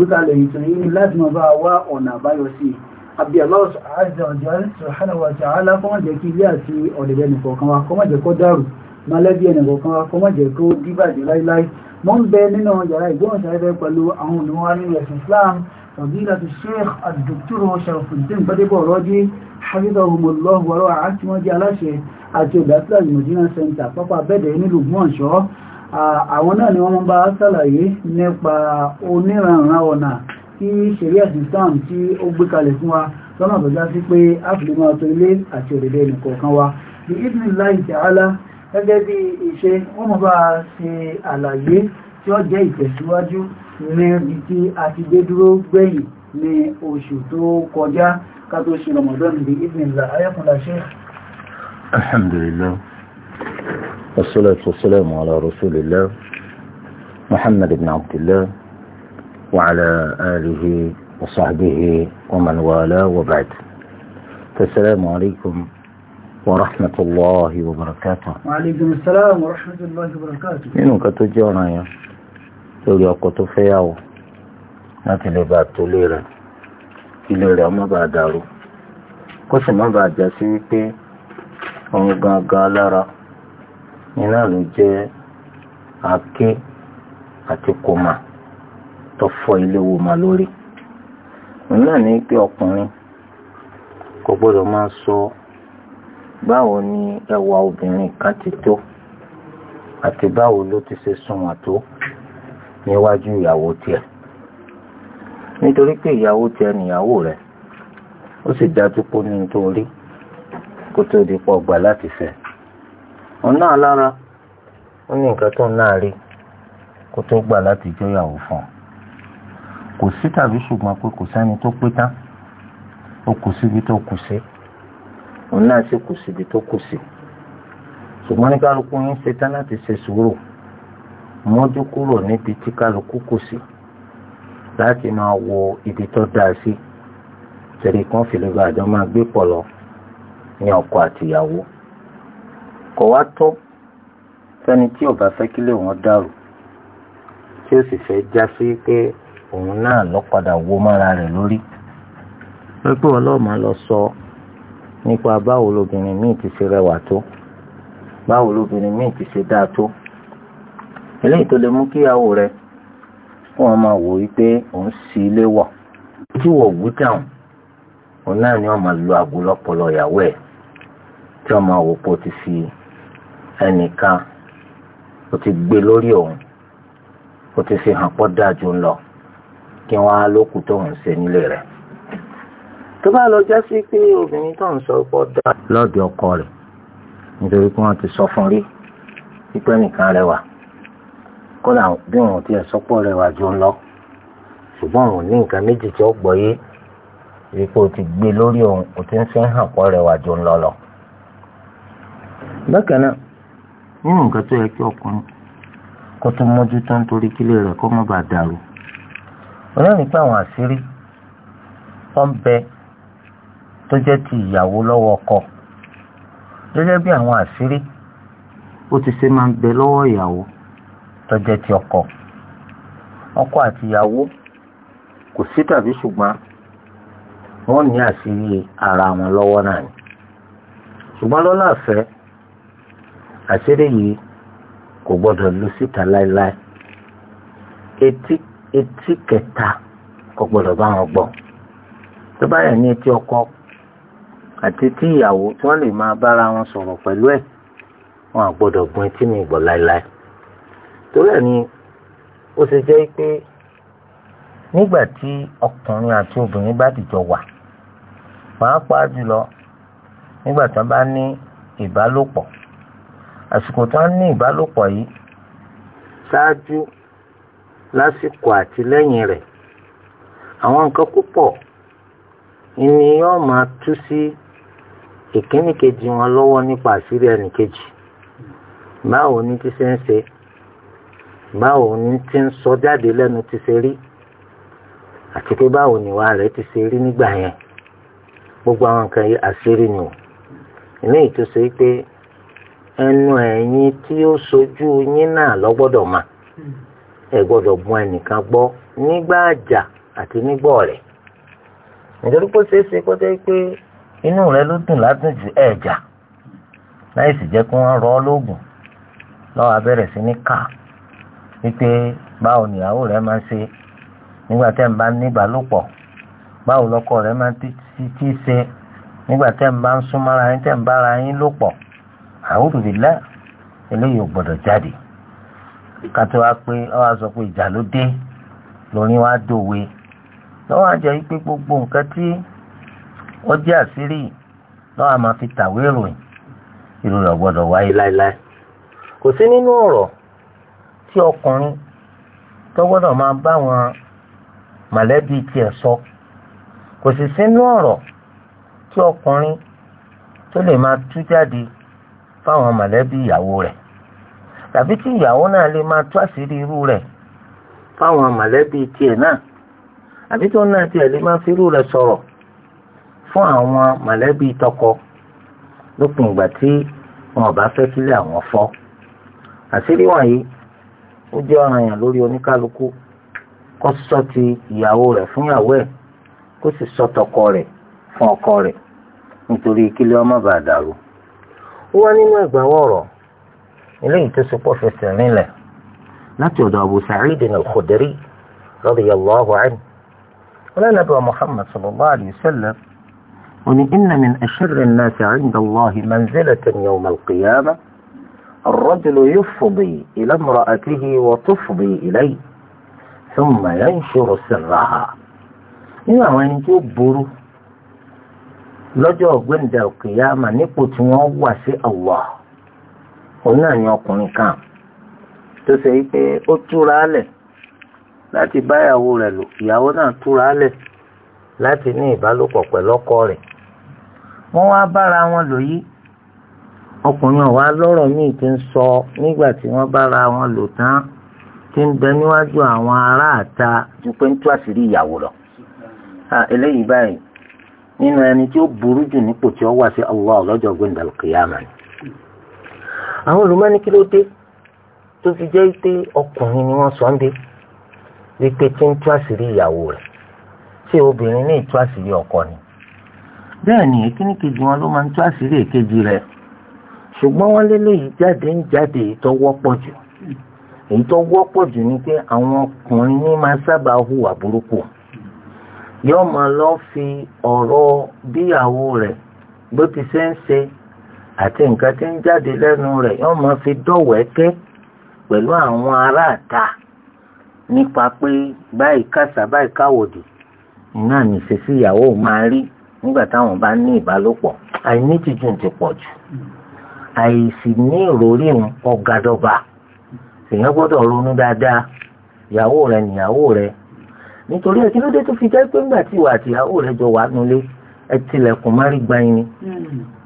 lókàlẹ̀ ìtàn yìí láti mọ̀ bá wá ọ̀nà àbáyọ sí àbí aláwọ̀s àjọ ọjọ́ subhanahu wa ta'ala kọ́mọ̀ jẹ́ kí ilé àti ọ̀dẹ̀dẹ̀ nìkọ̀ọ̀kan wa kọ́mọ̀ jẹ́ kó dàrú mọ̀lẹ́bí ẹnìkọ̀ọ̀kan wa kọ́mọ̀ jẹ́ kó dìbàjẹ́ láíláí mọ́ ń bẹ nínú yàrá ìgbóhùnsáfẹ́fẹ́ pẹ̀lú àwọn olùmọ̀wá nínú ẹ̀sìn Islam فضيلة الشيخ الدكتور شرف الدين بديبو رودي حفظهم الله ورعاهم وجعل شيخ àti olùdásílẹ̀ ìmọ̀dínà center pápá bẹ́ẹ̀dẹ̀ nílùú mọ́ǹṣọ́ àwọn náà ni wọ́n bá sàlàyé nípa oníranran ọ̀nà tí ṣeré Islam tí ó gbé kalẹ̀ fún wa lọ́nà tó já sí pé áfìlímọ̀ ọ̀tọ̀ ilé àti òdèdè nìkọ̀ọ̀kan wa bí ibnillahi ta'ala gẹ́gẹ́ bí iṣẹ́ wọ́n mọ̀ bá ṣe àlàyé tí ó jẹ́ ìtẹ̀síwájú níbi tí a ti gbé dúró gbẹ̀yìn ní oṣù tó kọjá ká tó ṣe Ramadan bí ibnillahi ayẹ́kùnlá ṣe alhamdulillah والصلاة والسلام على رسول الله محمد بن عبد الله وعلى آله وصحبه ومن والاه وبعد فالسلام عليكم ورحمة الله وبركاته وعليكم السلام ورحمة الله وبركاته إنه كتجونا يا تولي أقوتو فياو láti لباب توليرا tolé rẹ̀ ilé rẹ̀ ọmọ bá dàrú kó sì má bàa jẹ́ iná ló jẹ́ àáké àti kòmà tó fọ́ ilé wo mà lórí òun náà ní pé ọkùnrin kò gbọ́dọ̀ máa sọ báwo ni ẹwà obìnrin kan ti tó àti báwo ló ti ṣe sunwọ̀n tó níwájú ìyàwó tiẹ̀ nítorí pé ìyàwó tiẹ̀ nìyàwó rẹ̀ ó sì dájú pé ó ní nítorí kó tó di pọ̀ gbà láti fẹ́ òun náà lára ó ní nǹkan tó ń náà rí kó tó gbà láti jọyàwó fún un kò sí tàbí ṣùgbọ́n pé kò sẹ́ni tó pé tán ó kù síbi tó kù sí òun náà sì kù síbi tó kù sí ṣùgbọ́n ní kálukú yín ṣe tán láti ṣe sùúrù kúrò níbi tí kálukú kù sí láti máa wo ibi tó dáa sí torí kan fìlú máa gbé pọ̀ lọ ní àtìyàwó. kò wá tọ́ sẹ́ni tí ò bá fẹ́ kílé wọn dàrú tí ó sì fẹ́ já sí pé òun náà lọ padà wo mára rẹ̀ lórí wípé ọlọ́ọ̀mà lọ sọ nípa báwo lobìnrin míì ti ṣe rẹwà tó báwo lobìnrin míì ti ṣe dáa tó eléyìí tó lè mú kíyàwó rẹ̀ kí wọ́n máa wò wípé òun sì ilé wọ̀ tí wọ́n wú dáhùn òun náà ni wọ́n máa lo àgbo lọ́pọlọ ìyàwó ẹ̀ tí wọ́n máa wò pé ti fi ẹnìkan ó ti gbé lórí òun ó ti fi hàn pọ́ dáa jù ń lọ kí wọ́n á lókù tó ń ṣe nílé rẹ̀ tó bá lọ jásí pé obìnrin tó ń sọ pọ́ dáa lọ́dọ̀ ọkọ rẹ̀ nítorí pé wọ́n ti sọ fún rí pípẹ́ nìkan rẹwà kódà bí wọn ò tiẹ̀ sọ́pọ̀ rẹwà jù ń lọ ṣùgbọ́n òun ní nǹkan méjì tí ó gbọ́ yé wípé o ti gbé lórí òun o ti ń fi hàn pọ́ rẹwà jù ń lọ lọ. bákan náà nínú nǹkan tó yẹ kí ọkùnrin kó tó mójútó nítorí kílé rẹ̀ kó má bàa dàrú olóòní pé àwọn àṣírí tó ń bẹ tó jẹ́ ti ìyàwó lọ́wọ́ ọkọ gẹ́gẹ́ bí àwọn àṣírí ó ti ṣe máa ń bẹ lọ́wọ́ ìyàwó tó jẹ́ ti ọkọ ọkọ àti ìyàwó kò sí tàbí ṣùgbọ́n wọ́n ní àṣírí ara wọn lọ́wọ́ náà ṣùgbọ́n lọ́la àfẹ́ àṣírí yìí kò gbọ́dọ̀ lu síta láéláé etí etí kẹta kò gbọ́dọ̀ bá wọn gbọ́ tó bá yẹ ní etí ọkọ àti etí ìyàwó tí wọ́n lè máa bára wọn sọ̀rọ̀ pẹ̀lú ẹ̀ wọn à gbọ́dọ̀ gun etí mi gbọ́ láéláé torí ẹ̀ ni ó ṣe jẹ́ pé nígbà tí ọkùnrin àti obìnrin bá dìjọ wà pàápàá jùlọ nígbà tí wọ́n bá ní ìbálòpọ̀ àsìkò tí wọ́n ní ìbálòpọ̀ yìí ṣáájú lásìkò àti lẹ́yìn rẹ̀ àwọn nǹkan púpọ̀ ìní yóò máa tú sí ìkíní kejì wọn lọ́wọ́ nípa àṣírí ẹnì kejì báwo ni ti ṣe ń ṣe báwo ni ti ń sọ jáde lẹ́nu ti ṣe rí àti pé báwo nìwà rẹ̀ ti ṣe rí nígbà yẹn gbogbo àwọn nǹkan àṣírí ni ò ní pé ẹnu ẹ̀yin tí ó sojú yín náà ló gbọ́dọ̀ mà ẹ gbọ́dọ̀ mú ẹnìkan gbọ́ nígbà àjà àti nígbà ọ̀rẹ́ nítorí pé ṣeé ṣe kó jẹ́ pé inú rẹ ló dùn ládùn ju ẹ̀jà láì sì jẹ́ kí wọ́n rọ ọ́ lóògùn lọ́wọ́ abẹ́rẹ́ sí ní kà wípé báwo nìyàwó rẹ máa ń ṣe nígbà tẹ́ ń bá ní báwo lọ́kọ rẹ máa ń tí àwòrán ìlà eléyìí ò gbọ́dọ̀ jáde kátó wá pé ọ wá sọ pé ìjà ló dé lórin wá dòwe lọ́wọ́ àjẹ́ yìí pé gbogbo nǹkan tí ó jẹ́ àṣírí lọ́wọ́ àmọ́ fi tàwé ìròyìn irú rẹ̀ gbọ́dọ̀ wáyé láéláé kò sí nínú ọ̀rọ̀ tí ọkùnrin tó gbọ́dọ̀ máa bá wọn mọ̀lẹ́bí tiẹ̀ sọ kò sì sínú ọ̀rọ̀ tí ọkùnrin tó lè máa tú jáde fáwọn mọ̀lẹ́bí ìyàwó rẹ̀ tàbí tí ìyàwó náà lè máa tú àṣírí irú rẹ̀ fáwọn mọ̀lẹ́bí tiẹ̀ náà àbí tó náà tiẹ̀ lè máa fi irú rẹ̀ sọ̀rọ̀ fún àwọn mọ̀lẹ́bí tọkọ lópin ìgbà tí wọn bá fẹ́ sílé àwọn fọ́ àṣírí wọ̀nyí ó jẹ́ lórí oníkálukú kó ti ìyàwó rẹ̀ fún ìyàwó ẹ̀ kó sì tọkọ rẹ̀ fún ọkọ rẹ̀ nítorí wọ́n wá nínú ẹgbàáwọ̀ ọ̀rọ̀ eléyìí tó sopọ̀ fẹsẹ̀ nílẹ̀ láti ọ̀dọ̀ Abu Sa'id al-Khudri radiyallahu anhu ọlọ́nàbí wa Muhammad sallallahu alayhi wa sallam oní inna min ashirri an-nasi 'inda Allahi manzilatan yawm al-qiyamah الرجل يفضي إلى امرأته وتفضي إليه ثم ينشر سرها. إذا وين تبرو lọ́jọ́ ọ̀gbẹ́ndà òkèyàmà nípò tí wọ́n wà sí Allah òun náà ni ọkùnrin kan tó ṣe pé ó túra lẹ̀ láti bá ìyàwó rẹ̀ lò ìyàwó náà túra lẹ̀ láti ní ìbálòpọ̀ pẹ̀lú ọkọ rẹ̀ wọ́n wá bára wọn lò yí ọkùnrin ọ̀wá lọ́rọ̀ míì ti ń sọ nígbà tí wọ́n bára wọn lò tán ti ń bẹ níwájú àwọn aráàta ju ń tú àṣírí ìyàwó lọ eléyìí báyìí nínú ẹni tí ó burú jù nípò tí ó wà sí Allah lọ́jọ́ gbẹ̀ndàl kìyàmà ni. àwọn olùmọ́ni kí ló dé tó fi jẹ́ pé ọkùnrin ni wọ́n sọ ń dé wípé tí ń tú àṣírí ìyàwó rẹ̀ ṣé obìnrin ní ìtú àṣírí ọkọ ni. bẹ́ẹ̀ ni èkíní kejì wọn ló máa ń tú àṣírí èkejì rẹ̀ ṣùgbọ́n wọ́n lélẹ́yìí jáde ń jáde ìtọ́ wọ́pọ̀ jù èyí tó wọ́pọ̀ yóò mọ lọ fi ọ̀rọ̀ bíyàwó rẹ̀ bó ti ṣe ń ṣe àti nǹkan tí ń jáde lẹ́nu rẹ̀ yóò mọ fi dọ̀wẹ́kẹ́ pẹ̀lú àwọn aráàta nípa pé báyìí kàṣà báyìí káwòdì iná ìyàwó máa rí nígbà táwọn bá ní ìbálòpọ̀ àìní tìjú ti pọ̀ jù àìsí ní ìròrí èèyàn gbọ́dọ̀ ronú dáadáa ìyàwó rẹ̀ nìyàwó rẹ̀ nítorí ẹ kí ló dé tó fi jẹ́ pé ńgbà tí ìwà àtìyàwó rẹ jọ wà nulẹ̀ ẹ tilẹ̀kùn má rí gbanyin ni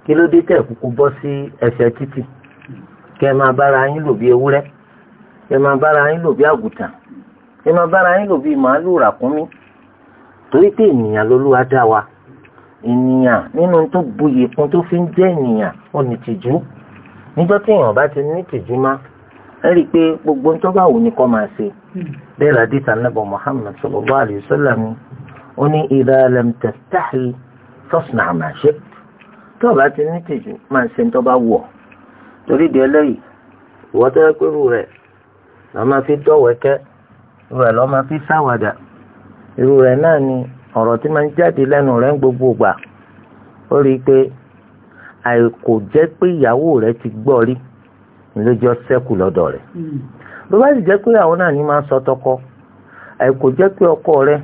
kí ló dé tẹ̀ kúkú bọ́ sí ẹsẹ̀ títì kẹ máa bára yín lò bí ewúrẹ́ kẹ máa bára yín lò bí àgùtàn kẹ máa bára yín lò bí màálù ràkúnmí torí pé ènìyàn lolúwa dá wa ènìyàn nínú tó buyì kún tó fi ń jẹ́ ènìyàn ó ní tìjú níjọ́ tí èèyàn bá ti ní tìjú máa ẹ̀rí pé gbogbo ń tó bá wù ní kọ́ máa ṣe hmm. bẹ́ẹ̀ la dìtà nàbọ̀ Muhammad sallallahu alayhi wa sallam ó ní idha lam tastahi fasna' ma shi'ta tó o bá ti ní tìjú máa ṣe ń tó bá wù ọ́ torí di ẹlẹ́yìí ìwọ́ tó pé irú rẹ̀ lọ́ máa fi dọ́wẹ́kẹ́ irú rẹ̀ lọ́ máa fi sáwàdà irú rẹ̀ náà ni ọ̀rọ̀ tí máa ń jáde lẹ́nu rẹ̀ ń gbogbo gbà ó rí i pé àìkò jẹ́ pé ìyàwó rẹ̀ ti gbọ́ rí lójọ́ sẹ́kù lọ́dọ̀ rẹ̀ ló hmm. bá sì jẹ́ pé àwọn náà ní máa sọ tọkọ àìkò jẹ́ pé ọkọ rẹ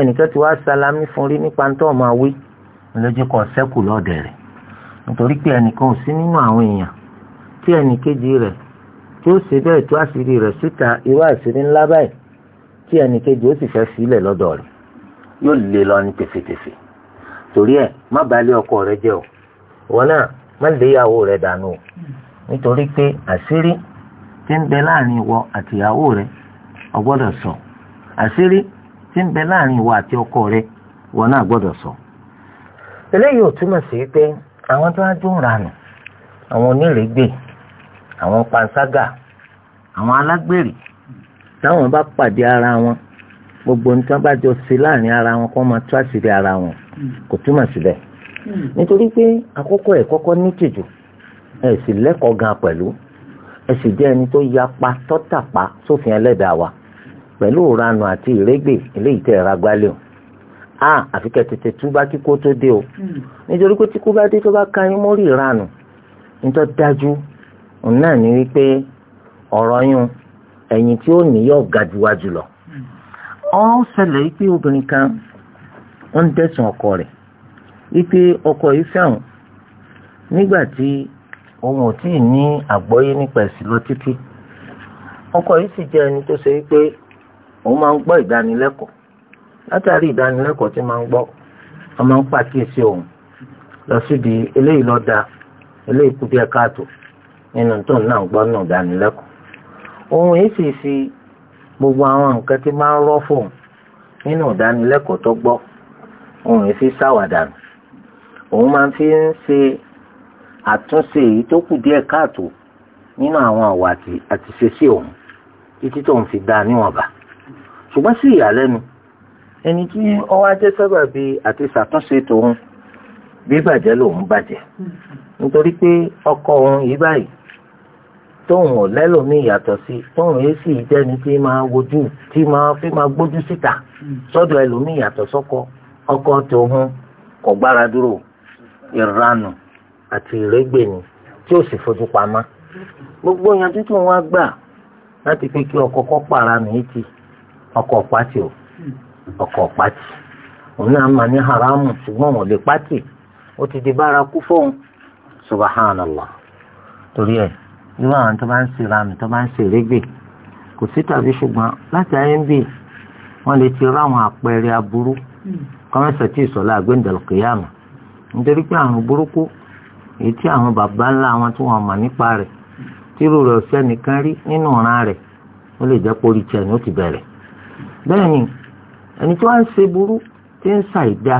ẹnìkan ti wá salami fún rí nípa tó máa wí lójọ́ kan sẹ́kù lọ́dọ̀ rẹ̀ nítorí pé ẹnìkan ò sí nínú àwọn èèyàn tí ẹnìkejì rẹ̀ tí ó ṣe bẹ́ẹ̀ tó àṣírí rẹ̀ síta irú àṣírí ńlá báyìí tí ẹnìkejì ó sì fẹ́ sílẹ̀ lọ́dọ̀ rẹ̀ yóò lè lọ ní tèfètèfè torí ẹ̀ má balẹ̀ ọkọ rẹ jẹ́ o wọn náà má lè yàwó rẹ dànù o. Hmm nítorí pé àṣírí tí ń bẹ láàrin ìwọ àti ìyàwó rẹ o gbọ́dọ̀ sọ àṣírí tí ń bẹ láàrin ìwọ àti ọkọ rẹ wọn náà gbọ́dọ̀ sọ. eléyìí ò túmọ̀ sí pé àwọn tó ń dún ranù àwọn onírègbè àwọn panṣágà àwọn alágbèrè táwọn bá pàdé ara wọn gbogbo nǹkan bá jọ sí láàrin ara wọn kó máa tú àṣírí ara wọn kò túmọ̀ síbẹ̀ hmm. nítorí pé àkọ́kọ́ ẹ̀ kọ́kọ́ ní tìjú ẹ sì lẹ́kọ̀ọ́ gan pẹ̀lú ẹ sì jẹ́ ẹni tó yapa tọ́tàpá sófin ẹlẹ́dàá wa pẹ̀lú ìranu àti ìrégbè eléyìí tẹ̀ ra gbálẹ̀ o a àfi kẹ́ tètè túbá kíkó tó dé o hmm. nítorí pé tíkú bá dé tó bá ka yín mórí ìranu nítọ́ dájú òun náà ni wípé ọ̀rọ̀ yún ẹ̀yìn tí ó ní yọ̀ ga jùwájú lọ. Hmm. ó ṣẹlẹ̀ wípé obìnrin kan ó ń dẹ̀sùn ọkọ rẹ̀ wípé ọkọ yìí fẹ́ràn nígbà tí òun ò tí ì ní àgbọ́yé nípa ẹ̀sìn lọ títí ọkọ yìí sì jẹ́ ẹni tó ṣe wípé òun máa ń gbọ́ ìdánilẹ́kọ̀ọ́ látàrí ìdánilẹ́kọ̀ọ́ tí máa ń gbọ́ wọ́n máa ń pàkíyèsí òun lọ síbi eléyìí ló dáa eléyìí kù díẹ̀ káàtó nínú tó náà ń gbọ́ náà ìdánilẹ́kọ̀ọ́ òun yìí sì fi gbogbo àwọn nǹkan tí máa ń rọ́ fóun nínú ìdánilẹ́kọ̀ọ́ tó gbọ́ òun yìí fi sáwàdà òun máa fi ń ṣe àtúnṣe èyí tó kù díẹ̀ káàtó nínú àwọn àwà àti ṣeṣe òun títí tó ń fi dá níwọ̀nba ṣùgbọ́n sí ìyàlẹ́nu ẹni tí ọwọ́ ajé sábà bí àti ṣàtúnṣe tòun bí bàjẹ́ lòun bàjẹ́ nítorí pé ọkọ òun yìí báyìí tóun ò lẹ́lòmíì yàtọ̀ sí tóun yìí sì jẹ́ni tí máa wojú tí máa fi máa gbójú síta sọ́dọ̀ ẹlòmíì yàtọ̀ sọ́kọ ọkọ tòun kò gbára dúró ìranù àti ìrégbè ni tí ó sì fojú pamọ́ gbogbo ìyànjú tó wọ́n gbà láti pé kí ọkọ kọ́ pààrà mi ti ọkọ̀ o ọkọ̀ òun náà mà ní haramu ṣùgbọ́n òun lè o ó ti di bárakú fóun subahánàlá torí ẹ irú àwọn tó bá ń ṣe rami tó bá ń ṣe ìrégbè kò sí tàbí ṣùgbọ́n láti ayé ń wọ́n lè ti ráwọn àpẹẹrẹ aburú kọ́mẹ́sẹ̀ tí ìsọ̀lá àgbéǹdàlùkìyàmù nítorí pé àrùn èyí tí àwọn bàbá ńlá wọn tí wọ́n mọ̀ nípa rẹ̀ tírú rẹ̀ ọ̀sẹ̀ nìkan rí nínú ọ̀ràn rẹ̀ ó lè jẹ́ pórí tiẹ̀ ni ó ti bẹ̀rẹ̀ bẹ́ẹ̀ ni ẹni tí wọ́n ń ṣe burú tí ń ṣàìdá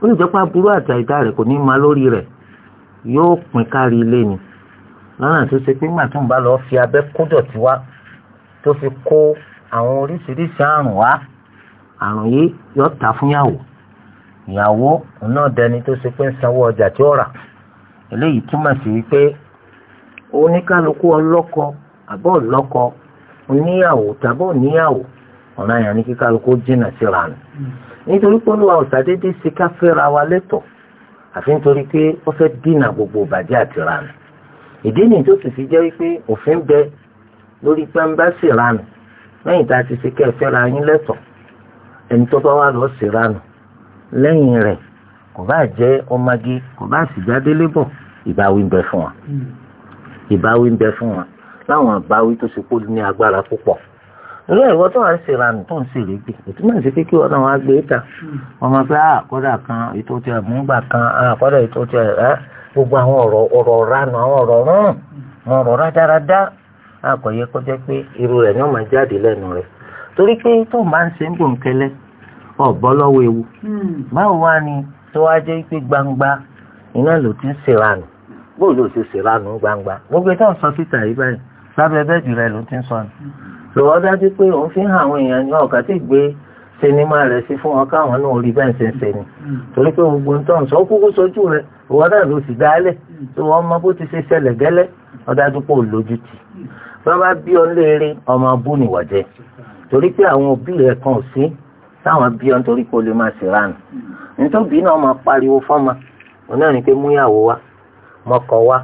ó lè jẹ́ pé aburú àtàìdá rẹ̀ kò ní ma lórí rẹ̀ yóò pín kárí ilé ni lọ́nà tó ṣe pé nígbà tó ń bá lọ fi abẹ́ kódọ̀tí wá tó fi kó àwọn oríṣiríṣi àrùn wá àrùn yìí yóò ta fún yàwó ìyàwó náà dẹni tó ṣe pé ń sanwó ọjà tí ó rà eléyìí túmọ̀ sí wípé oníkálukú ọlọ́kọ àbọ̀ ọlọ́kọ oníyàwó tàbọ̀ oníyàwó ọ̀nà àyàn ní kíkálukú jìnnà síra nù nítorí pé olúwa ọ̀sàdédé ṣe ká fẹ́ra wa lẹ́tọ̀ àfi nítorí pé ó fẹ́ dínà gbogbo ìbàjẹ́ àti ranù ìdí nìyí tó sì fi jẹ́ wípé òfin bẹ lórí pẹ́ńbá sì ranù lẹ́yìn tá a ti ṣe ká fẹ́ra yín lẹ́tọ̀ ẹni tó bá wà lọ sí ranù lẹ́yìn rẹ̀ kò bá jẹ́ ọmọge kò bá sì jáde lébọ̀ ìbáwí ń bẹ fún wọn hmm. ìbáwí ń bẹ fún wọn láwọn ìbáwí tó ṣe kó ní agbára púpọ̀ irú ẹ̀rọ tó wà ṣe ìranù tó ń ṣe ìrègbè ètò náà ṣe kékeré ọ̀nà wọn gbé ta hmm. wọn máa fẹ́ àkọ́dà ah, kan ètò tí a mú gbà kan àkọ́dà ah, ètò tí a rẹ̀ ah, gbogbo àwọn ọ̀rọ̀ ọ̀rọ̀ ránù àwọn ọ̀rọ̀ rán àwọn ọ̀rọ̀ rádáradá àkọ́yẹ kó jẹ́ pé irú rẹ̀ ni wọ́n máa jáde lẹ́nu rẹ̀ torí pé tó máa ń ṣe ń bòǹkẹ́lẹ́ ọ̀bọ́ ewu hmm. báwo wá ni tó wá jẹ́ pé gbangba iná ló ti ń ṣèrànù bóò ló ṣe ṣèrànù gbangba gbogbo ìtàn sọ síta yìí báyìí sábẹ́ bẹ́ẹ̀dì rẹ ló ti ń sọ ni. lọ́wọ́ dájú pé òun fi ń hàn àwọn èèyàn ní ọ̀kà tí gbé sinimá rẹ̀ sí fún wọn káwọn náà rí bẹ́ẹ̀ ṣe ń ṣe ni torí pé gbogbo ń tàn sọ kúkú sójú rẹ ìwọ náà ló sì dálẹ̀ tí wọ́n mọ bó ti ṣe ṣẹlẹ̀ gẹ́lẹ́ ọ̀dájú pé ò lójú tì wọ́n bí ọ léèrè ọmọ abú nìwọ̀jẹ́ torí pé àwọn òbí rẹ̀ kan sí táwọn bí ọ nítorí pé o lè máa ṣèrànù nítorí bí náà máa pariwo fọ́mọ wọn náà ní pé múyàwó wa mọ́kọ wa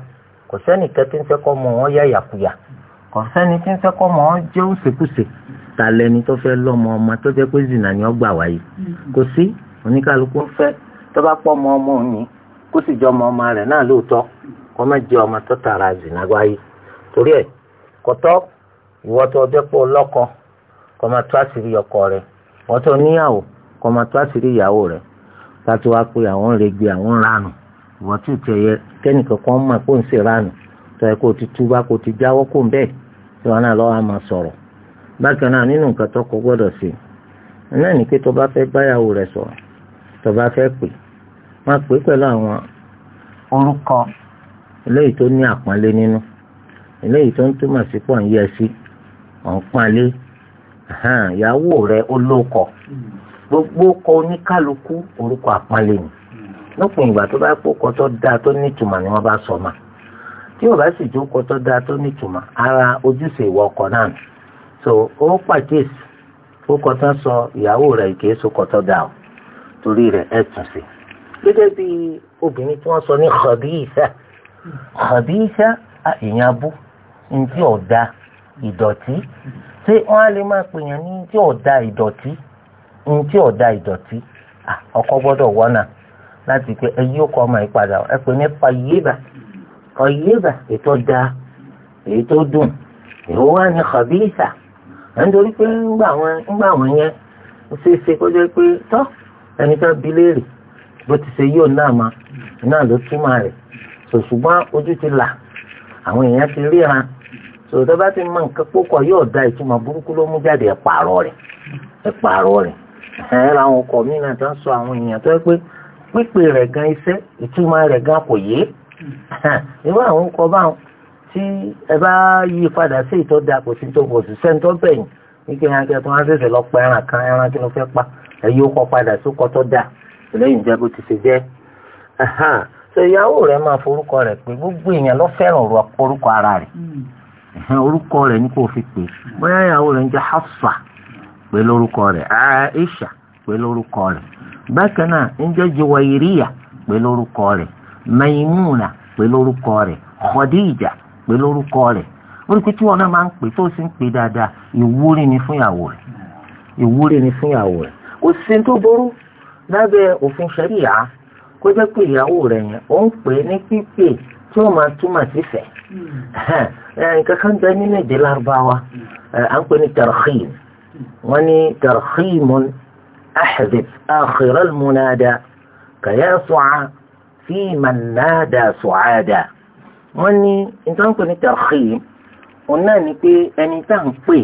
kò sẹ́ni kẹ́tí ń fẹ́ kọ́ mọ wọn yá yàkuyà kò sẹ́ni tí ń fẹ́ mọ wọn jẹ́ òṣèkúṣe ta lẹni tó fẹ́ lọ́mọ ọmọ tó jẹ́ pé zìnà ni ó gbà wáyé kò sí oníkálukú ń fẹ́ tó bá pọ̀ mọ ọmọ òní kó sì jọ ọmọ ọmọ rẹ̀ náà lóòótọ́ kó má jẹ́ ọmọ tó tara zìnà wáyé torí ẹ̀ kọ́tọ́ ìwọ tó ọjọ́ pé ọlọ́kọ kó máa tó àṣírí ọkọ rẹ̀ wọ́n tó níyàwó kó máa tó àṣírí ìyàwó rẹ̀ kátó wá pé àwọn ń regbe àwọn ń ranù ìwọ tí ò tiẹ̀ yẹ kẹ́nìkan kan mọ̀ kó ń ṣe ranù tọ́ ẹ kó ti túbá kó ti jáwọ́ kó ń bẹ́ẹ̀ tí wọn náà lọ́wọ́ á máa sọ̀rọ̀ bákan náà nínú nǹkan tó kọ gbọ́dọ̀ sí náà ní pé tó bá fẹ́ báyàwó rẹ̀ sọ̀rọ̀ tó bá fẹ́ pè má pè pẹ̀lú àwọn orúkọ eléyìí tó ní àpọ́nlé nínú eléyìí tó ń túmọ̀ sí pọ̀ ń yẹ sí ọ̀n pọ́nlé ìyàwó rẹ̀ gbogbo kọ oníkálukú orúkọ àpọ́nlé ni lópin ìgbà tó bá kó kọ tó dáa tó nítumọ̀ ni wọn bá sọ ma tí ò bá sì tó kọ tó dáa tó nítumọ̀ ara ojúṣe ìwọ ọkọ náà so ó pàkíyèsí ó kọ tán sọ ìyàwó rẹ kì í so kọ tó o torí rẹ ẹ tún sí. gẹ́gẹ́ bí obìnrin tí wọ́n sọ ní xabíyíṣà xabíyíṣà èèyàn abú ní tí ò da ìdọ̀tí ṣé wọ́n á lè máa pèèyàn ní tí ò ìdọ̀tí. ní tí ọ̀dà ìdọ̀tí ọkọ gbọ́dọ̀ wọ́nà láti pé ẹyí ó kọ́ ọmọ yìí padà ẹ pè ní pàyébà pàyébà ètò da èyí tó dùn èwo wá ní kọ̀bíìsà nítorí pé ńgbà wọn ńgbà wọn yẹn ó ṣeé ṣe kó jẹ́ pé tọ́ ẹni tó bi léèrè bó ti ṣe yóò náà ma náà ló túmọ̀ rẹ̀ ṣùgbọ́n ojú ti là àwọn èèyàn ti ríran sòtọ́ bá ti mọ nǹkan púpọ̀ yóò da ìtumọ̀ burúkú ló mú jáde ẹ̀ rẹ̀ ẹ̀ rẹ̀ ẹ̀rọ àwọn ọkọ̀ mi náà tó ń sọ àwọn èèyàn tó yẹ pé pípè rẹ̀ gan iṣẹ́ ìtumọ̀ rẹ̀ gan kò yé nígbà hmm. àwọn ọkọ̀ bá wọn tí ẹ bá yí padà sí ìtọ́jà kò sí tó kò sí sẹ́ńtọ́ bẹ̀yìn wípé ẹran kẹtọ́ wọn ṣẹ̀ṣẹ̀ lọ pa ẹran kan ẹran kí ló fẹ́ pa ẹ̀yí ó kọ́ padà sókọ tó dà lẹ́yìn jẹ́ bó ti ṣe jẹ́ ṣe ìyàwó rẹ̀ máa forúkọ rẹ̀ pé gbogbo èèyàn ló fẹ́ràn orúkọ ara rẹ̀ hmm. orúkọ rẹ̀ ní kò fi pè bóyá ìyàwó rẹ̀ ń jẹ́ Hafsa pé lórúkọ rẹ̀ Aisha pé lórúkọ rẹ̀ bákan náà ń jẹ́ Juwayriya pé lórúkọ rẹ̀ Maimuna pé rẹ̀ Khadija pé lórúkọ rẹ̀ orúkọ tí wọn náà máa ń pè tó sì ń pè dáadáa ìwúrí ni fún ìyàwó rẹ̀ ìwúrí ni fún ìyàwó rẹ̀ ó sì ń tó ború lábẹ́ òfin ṣẹ́ríyà kó jẹ́ pé ìyàwó rẹ̀ yẹn ó ń pè ní pípè tí ó máa túmọ̀ sífẹ̀ẹ́ hmm. nǹkan kan bẹ nínú ìdílárúbáwá à ń pè ní tarhin wọ́n ní tarhimun ahzif akhiral munada kàyà sọ́à fi man nada suada wọ́n ní ìtànkù ní tarhim òun náà ni pé ẹni tá ń pè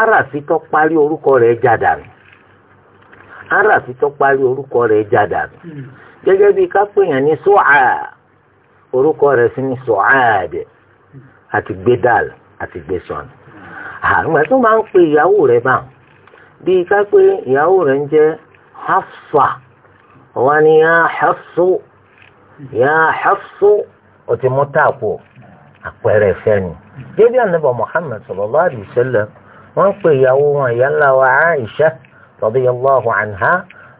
aráàfin tó parí orúkọ rẹ̀ jáda rẹ̀ aráàfin parí orúkọ rẹ̀ jáda gẹ́gẹ́ bí ká ní sọ́à orúkọ rẹ̀ sí ní sọ́à àti gbé dàl àti gbé sọ́nù àgbà tó máa ń pe ìyàwó rẹ̀ bá bíi ká pé ìyàwó rẹ̀ ń jẹ́ Hafsa wọ́n ní yá Hafsu yá Hafsu ó ti mú táàpù àpẹẹrẹ ìfẹ́ ni débi ànábà Muhammad sallallahu alaihi wasallam wọ́n ń pe ìyàwó wọn ìyá wa Aisha radiyallahu anha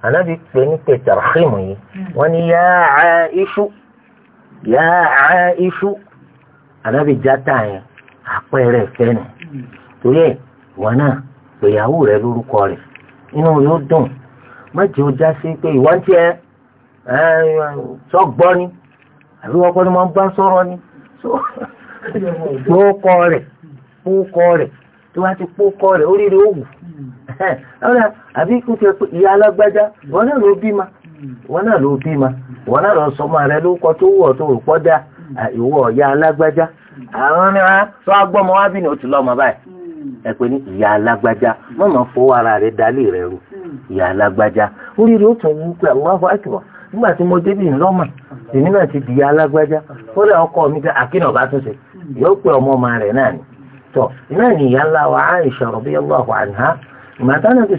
ànábì pé ní pé tàràkìmù yìí wọ́n ní yá Aishu yá Aishu ànábì já táyà àpẹẹrẹ ìfẹ́ ni. torí ẹ̀ wọn náà pèyàwó rẹ lórúkọ rẹ inú yóò dùn má jẹ́ ọjà já sí pé ìwọ́n ti ẹ sọ́gbọ́ ni àbí wọ́n kọ́ ni wọ́n bá sọ̀rọ̀ ni pókọ rẹ̀ pókọ rẹ̀ tí wọ́n ti pókọ rẹ̀ oríire ó wù àbí kò tẹ pé ìyá alágbájá wọn náà ló bí ma wọn náà ló bí ma wọn náà lọ sọmọ rẹ lórúkọ tó wù ọ́ tó rò pọ́ dáa ìwọ ọ̀yá alágbájá àwọn ni wọn sọ agbọ́mọ wá bí ni ó ti lọ́mọ báyìí. ẹ pé ní ìyá alágbájá mọ̀mọ́ fowó ara rẹ̀ dálé rẹ̀ ru. ìyá alágbájá oríire ó tún wú pé nígbà tí débì ńlọ́mà náà ti ìyá alágbájá ó rẹ̀ ọkọ mi ká àkínà bá tún ṣe yóò pé ọmọ ọmọ rẹ̀ náà tọ̀ náà ni ìyá ńlá wa ìmọ̀tánà ti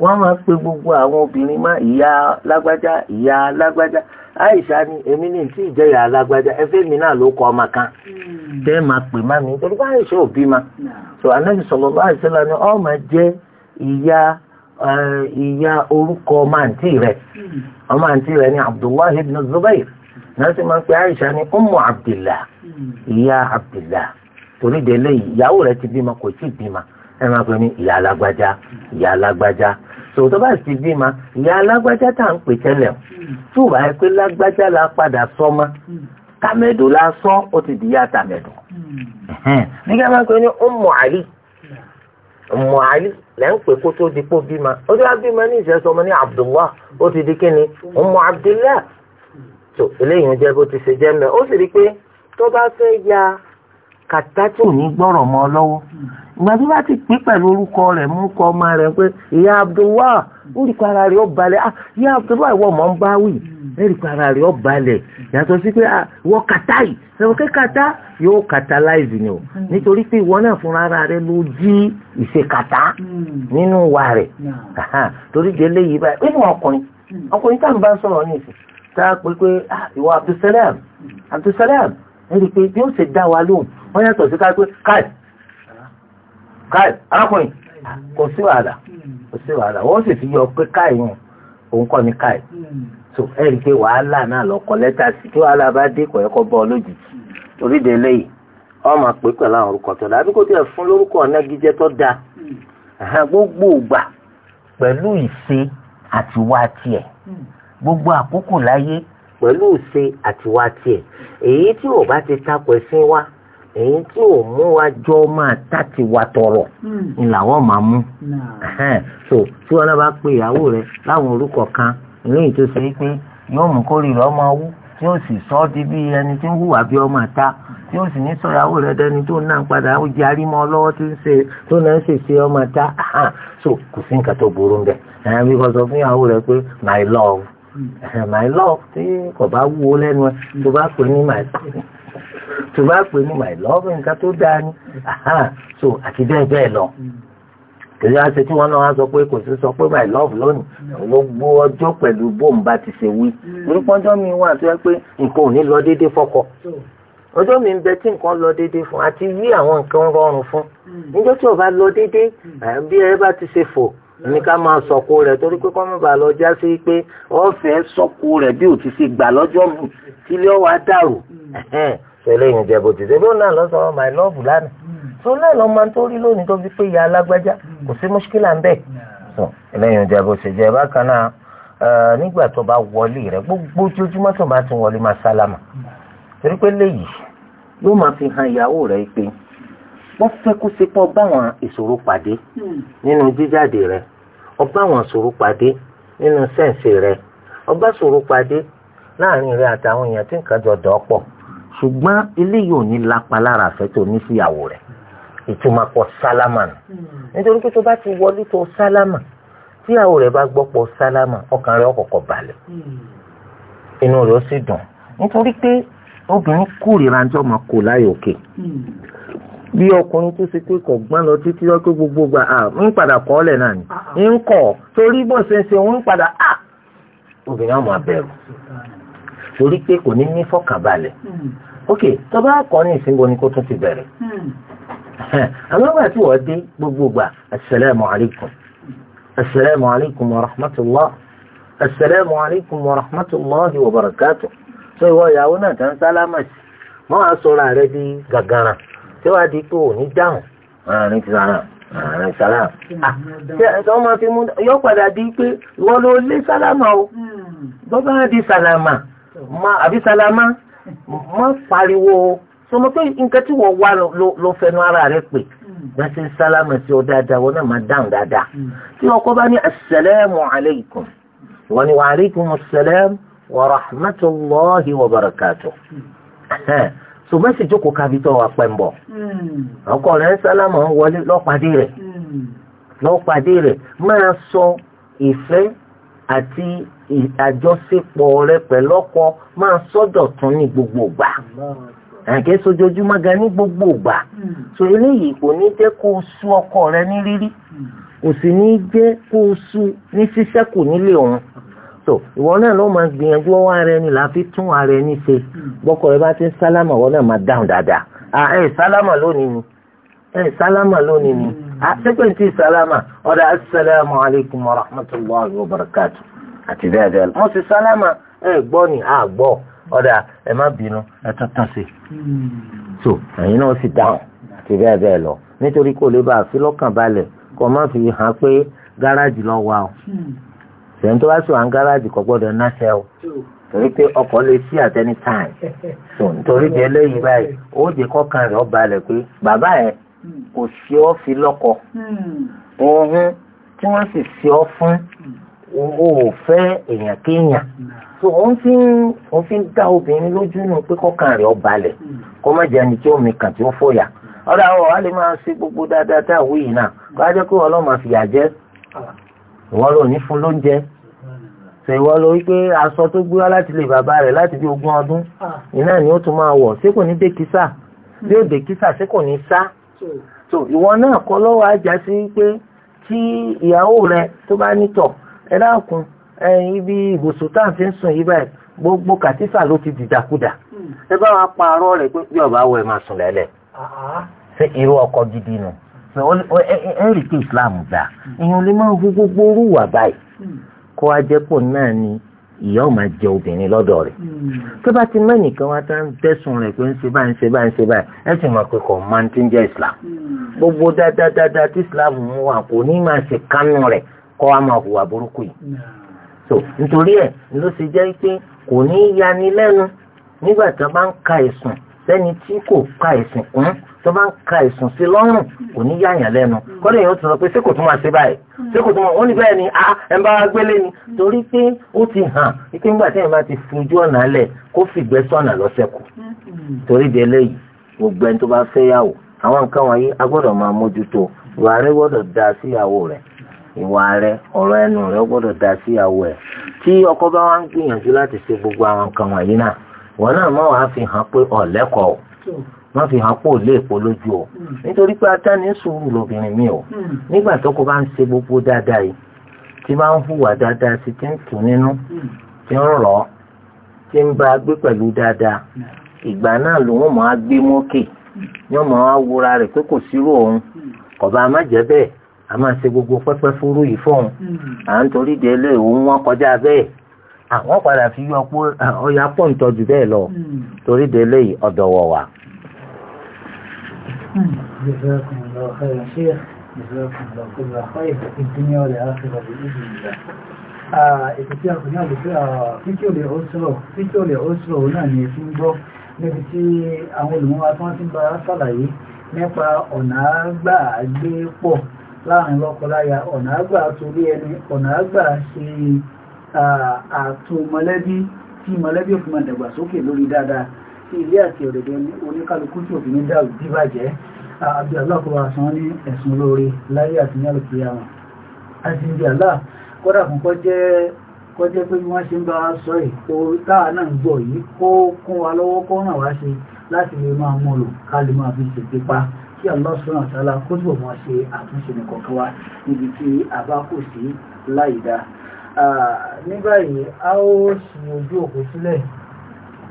wọ́n àìsà ni èmi ní tí ìjẹyà alágbádá ẹfẹ mi náà ló kọ ọmọ kan hmm. tẹ ẹ máa pè má mi ma hmm. so anábì sallallahu alaihi ni ọ máa jẹ ìyá ìyá orúkọ ọmọ àǹtí rẹ hmm. ọmọ àǹtí rẹ ni abdullahi ibn zubair náà sì máa pe àìsà ni ìyá torí délé ìyàwó rẹ ti bímọ kò tí ì bímọ ẹ máa pè ní ìyá ìyá so tó bá sì bímọ ìyá alágbájá tá à ń pè tẹ́lẹ̀ tó bá pé lágbájá la padà sọmọ tàmẹ́dù la sọ ó ti di ìyá tàmẹ́dù nígbà máa ń pè ní ọmọ àlì ọmọ àlì lẹ́ ń pè kó tó di pò bímọ ó ti wá bímọ ní ìṣẹ́ sọmọ ní Abdullah ó ti di kíni ọmọ Abdullah tó eléyìí ń jẹ́ bó ti ṣe jẹ́ mẹ́ ó sì rí pé tó bá fẹ́ ya kàtá tí ò ní gbọ́rọ̀ mọ́ lọ́wọ́ ìgbà tó pín pẹ̀lú orúkọ rẹ̀ mú kọ ọmọ rẹ̀ pé ìyá Abdullah ó rí para rẹ̀ ó balẹ̀ ah ìyá Abdullah ìwọ mọ̀ ń bá wì ẹ rí para rẹ̀ ó balẹ̀ yàtọ̀ sí pé ah, ìwọ kàtá yìí ni o hmm. nítorí pé ìwọ náà fúnra re ló jí kata. Hmm. nínú wa rẹ̀ hmm. torí délé yìí báyìí nínú ọkùnrin ọkùnrin tá à ń bá sọ̀rọ̀ ní a pè pé ah, ìwọ Abdulsalam Abdulsalam ẹ rí wa lóhùn wọ́n yàtọ̀ sí ká pé káì arákùnrin kò sí wàhálà kò sí wàhálà wọ́n sì fi yọ pé káì yẹn òun kọ́ ni káì so ẹ rí i pé wàhálà náà lọ́kọ̀ lẹ́tà sí kí wàhálà bá dé kọ̀ ẹ̀kọ́ bọ́ lójijì torí de eléyìí wọ́n máa pè pẹ̀lú àwọn orúkọ tó dáa bí kò tiẹ̀ fún lórúkọ ọ̀nàgíjẹ́ tó dáa gbogbo ìgbà pẹ̀lú ìṣe àtiwá tiẹ̀ gbogbo àkókò láyé pẹ̀lú ìṣe àtiwá tiẹ̀ èyí tí ò bá ti takò ẹ̀sìn wa èyí tí ò mú wa jọ máa tá wa tọrọ hmm. ni máa mú so tí wọn bá pe ìyàwó rẹ láwọn orúkọ kan lẹ́yìn tó ṣe é pé yóò mú kórìíra ọmọ wú tí ó sì sọ di bí ẹni tí ń hùwà bí ọmọ ta tí ó sì ní sọ̀yàwó rẹ dẹni tó náà padà ó jẹ́ arímọ́ lọ́wọ́ tí ń ṣe tó náà ń ṣe ṣe ọmọ ta so kò sí tó burú ń tó bá pè ní my love nǹkan tó dáa ni so àti bẹ́ẹ̀ bẹ́ẹ̀ lọ kìí á ṣe tí wọ́n náà wá sọ pé kò sí sọ pé my love lónìí gbogbo ọjọ́ pẹ̀lú bóńbà ti ṣe wí torí pọ́njọ́ mi wà tó yẹ pé nǹkan ò ní lọ déédéé fọ́kọ ọjọ́ mi ń bẹ tí nǹkan lọ déédéé fún àti wí àwọn nǹkan rọrùn fún níjọ́ tí ò bá lọ déédéé bí ẹ bá ti ṣe fò ní ká máa sọ̀kò rẹ̀ torí pé kọ́ mọ́ba lọ já sí pé ọ̀fẹ́ sọ̀kò rẹ̀ bí ò ti ṣe gbà lọ́jọ́ mi tílé ọ̀wá dàrú sẹlẹ yẹn jẹ bó ti ṣe náà lọsọ oh, my love lana tó náà lọ máa ń tó rí lónìí tó fi pé ìyá alágbájá kò sí mọ́ṣíkìlà ń bẹ̀ sọ ẹlẹ́yìn jẹ bó ṣe jẹ bákan náà eh, nígbà tó bá wọlé rẹ gbogbo ojoojúmọ́ tó bá ti wọlé máa fi han ìyàwó rẹ pé wọ́n fẹ́ kó ṣe pọ̀ báwọn nínú jíjáde rẹ ọba àwọn ìṣòro nínú sẹ́ǹsì rẹ ọba ìṣòro pàdé láàrin rẹ àtàwọn èèyàn tí nǹkan jọ dọ̀ ṣùgbọ́n eléyìí ò ní lápá lára àfẹ́ tó ní síyàwó rẹ̀ ìtumọ̀ pọ̀ sálámà hmm. nítorí pé tó bá ti wọlé tó sálámà tíyàwó rẹ̀ bá gbọ́ pọ̀ sálámà ọkàn rẹ̀ ọkọ̀ọ̀kọ̀ balẹ̀ hmm. inú rẹ̀ ó sì dùn nítorí pé obìnrin kórìíra ní ọmọ kò láyé òkè hmm. bí ọkùnrin tó ṣe pé kò gbọ́n lọ títí lọ pé gbogbo gba à ń padà kọ́ ọ́lẹ̀ náà ni ah, ah. ń kọ̀ torí bọ́sẹ̀ ṣe òun padà à obìnrin ọmọ abẹ́rù torí pé kò ní ní fọkànbalẹ̀ hmm. ok tó bá kọ́ ní ìsìnbó ni kó tún ti bẹ̀rẹ̀ hmm. àwọn ọgbà tí wọ́n dé gbogbo gbà asalaamu alaykum asalaamu alaykum wa rahmatulah asalaamu alaykum wa rahmatulah wa barakatu tó ìwọ ìyàwó náà tán sálámà sí wọn á sọ̀rọ̀ ààrẹ di gàgàrà tí wàá di pé ò ní dáhùn hmm. ah, wọ́n ló lé sálámà o bọ́ di sálámà ma àbí salama ma pariwo sọmọ pé nǹkan tí wọ́n wá ló fẹnu ara rẹ pè gbàtí hmm. salama tí ó dáadáa wọn náà máa dáhùn dáadáa hmm. tí ọkọ bá ní asalaamu aleykum wọn ni wa aleykum asalaam wa rahmatulahi wa barakatu ṣùgbọ́n hmm. sì jókòó kábi tó wà pẹ́ ń bọ̀ ọkọ rẹ salama ń wọlé lọ́pàdé rẹ̀ lọ́pàdé rẹ̀ máa sọ ìfẹ́ àti àjọṣepọ̀ rẹ pẹ̀lú ọkọ máa sọ́dọ̀ tún ní gbogbo ìgbà àǹkẹ́ sojoojúmọ́ gan ní gbogbo ìgbà so eléyìí kò ní jẹ́ kó o sú ọkọ rẹ ní rírí kò sì ní jẹ́ kó o sú ní ṣíṣẹ́kù nílé òun so ìwọ náà ló máa gbìyànjú ọwọ́ ara ẹni là á fi tún ara ẹni ṣe bọ́kọ rẹ bá ti ń sálámà ìwọ náà máa dáhùn dáadáa à ẹ sálámà lónìí ni ẹ sálámà lónìí ni à sálámà ọ̀dà assalamu alaikum wa rahmatullahi wa barakatuh àti bẹ́ẹ̀ bẹ́ẹ̀ lọ. mo sì sálámà ẹ gbọ́ ni a gbọ́ ọ̀dà ẹ má bínú ẹ tún tán sí. Hmm. so ẹ̀yin náà sì dáhùn àti bẹ́ẹ̀ bẹ́ẹ̀ lọ nítorí kò lè bá a fi lọ́kàn balẹ̀ kó má fi hàn pé gáràjì lọ wà o. sẹ́yìn hmm. tó bá sọ à ń gáràjì kò gbọ́dọ̀ náṣẹ́ o torí pé ọkọ̀ lè sí at any time so nítorí di eléyìí báyìí ó di kọ́kàn rẹ̀ ó balẹ̀ pé bàbá yẹn hmm. kò sí ọ́ fi lọ́kọ ohun tí wọ́n sì sí ọ fún o ò fẹ́ èèyàn kéèyàn so òun fi ń òun fi ń dá obìnrin lójú nù pé kọ́kàn rẹ̀ ó balẹ̀ kó má jẹ́ ẹni tí ó mi kàn tí ó fòyà ọ̀rọ̀ àwọn ọ̀hán lè máa ṣe gbogbo dáadáa tá àwí yìí náà kó á jẹ́ kó ọlọ́mọ fìyà jẹ́ ìwọ ló ní fún lóúnjẹ ṣe ìwọ ló wípé aṣọ tó gbé wá láti lè bàbá rẹ̀ láti bí ogún ọdún iná ni ó tún máa wọ̀ ṣé kò ní dé kísà bí ó dé kísà ṣé kò ní sá so ìwọ náà kọ́ lọ́wọ́ ajá sí wípé tí ìyàwó rẹ̀ tó bá nítọ̀ ẹ dákun ibi ibùsùn tá à ń fi ń sùn yí báyìí gbogbo kàtífà ló ti dìdàkudà ẹ bá wa pààrọ̀ rẹ̀ pé bí ọba wọ ẹ máa sùn lẹ́lẹ̀ ṣé irú ọkọ gidi nù ẹ rí pé Islam gbà èèyàn lè máa hu gbogbo orú wà báyìí kó wá jẹ́ pò náà ni ìyá ò máa jẹ obìnrin lọ́dọ̀ rẹ̀ tó bá ti mẹ́nìkan wá tá ń tẹ̀sùn rẹ̀ pé ń ṣe báyìí ń ṣe báyìí ń ṣe báyìí ẹ sì mọ̀ pé kò máa ń tí jẹ́ Islam gbogbo dáadáa tí Islam mú wa kò ní máa ṣe kánú rẹ̀ kọ́ wa máa hùwà burúkú yìí so nítorí ẹ ló ṣe jẹ́ pé kò ní yani lẹ́nu nígbà tó bá ń ka ẹ̀sùn sẹ́ni tí kò ka ẹ̀sùn kún tó bá ń ka ẹ̀sùn sí lọ́rùn kò ní yàyàn lẹ́nu hmm. kọ́lẹ̀ yóò sọ pé ṣé kò tún báyìí hmm. ṣé kò tún ó ní ni a ah, ẹ̀ ń bá wa gbélé ni torí pé ó ti hàn nígbà tí ẹ̀ bá ti fojú ọ̀nà lẹ̀ kó fìgbẹ́ sọ̀nà lọ́sẹ̀kù hmm. torí de eléyìí gbogbo ẹni tó bá fẹ́ yàwó àwọn nǹkan wọ̀nyí a máa mójútó gbọ́dọ̀ síyàwó rẹ̀ ìwà rẹ ọ̀rọ̀ ẹnu rẹ gbọ́dọ̀ da sí ìyàwó ẹ tí ọkọ bá wá ń gbìyànjú láti ṣe gbogbo àwọn nǹkan wọ̀nyí náà wọn náà má wàá fi hàn pé ọ̀lẹ́kọ̀ọ́ má fi hàn pé ò lè lójú o nítorí pé atání sùúrù lóbìnrin mi o nígbà tó kọ bá ń ṣe gbogbo dáadáa yìí tí bá ń hùwà dáadáa sí ti ń tù nínú tí ń rọ̀ tí ń bá gbé pẹ̀lú dáadáa ìgbà náà mọ̀ á gbé mọ́kè yóò máa wúra rẹ̀ pé kò sírò òun kò bá má jẹ́ bẹ́ẹ̀ a máa ṣe gbogbo pẹ́pẹ́ fúrú yìí fóun hmm. à ń torí de ilé òun wọn kọjá bẹ́ẹ̀ àwọn padà fi yọ pé ọyà pọ̀ ń tọ́jú lọ hmm. torí de ilé ọ̀dọ̀ wọ̀ wá. جزاكم الله خير يا شيخ جزاكم الله كل خير في الدنيا lè ọ́sọ̀rọ̀ fíkíò lè ọ́sọ̀rọ̀ náà ni fún gbọ́ níbi tí àwọn olùmọ́wá tí wọ́n ti ń bá sàlàyé nípa ọ̀nà àgbà gbé pọ̀ láàrin lọ́kọláya ọ̀nà àgbà torí ẹni ọ̀nà àgbà ṣe ààtò mọ̀lẹ́bí tí mọ̀lẹ́bí òfin máa dàgbàsókè lórí dáadáa tí ilé àti ọ̀rẹ̀dẹ̀ oníkálukú tí òfin ní dáàbò bíbàjẹ́ àbí aláàkọ́wà san ní ẹ̀sùn lóore láyé àti ní àlùkìyà wọn àti ìdí àlá kọ́dà kan kọ́ jẹ́ kọ́ jẹ́ pé wọ́n ṣe ń kí Allah subhanahu wa ta'ala kó túbọ̀ máa ṣe àtúnṣe nìkan kan wá níbi tí a bá kò sí láì dá ní báyìí a ó ṣe ojú òkú sílẹ̀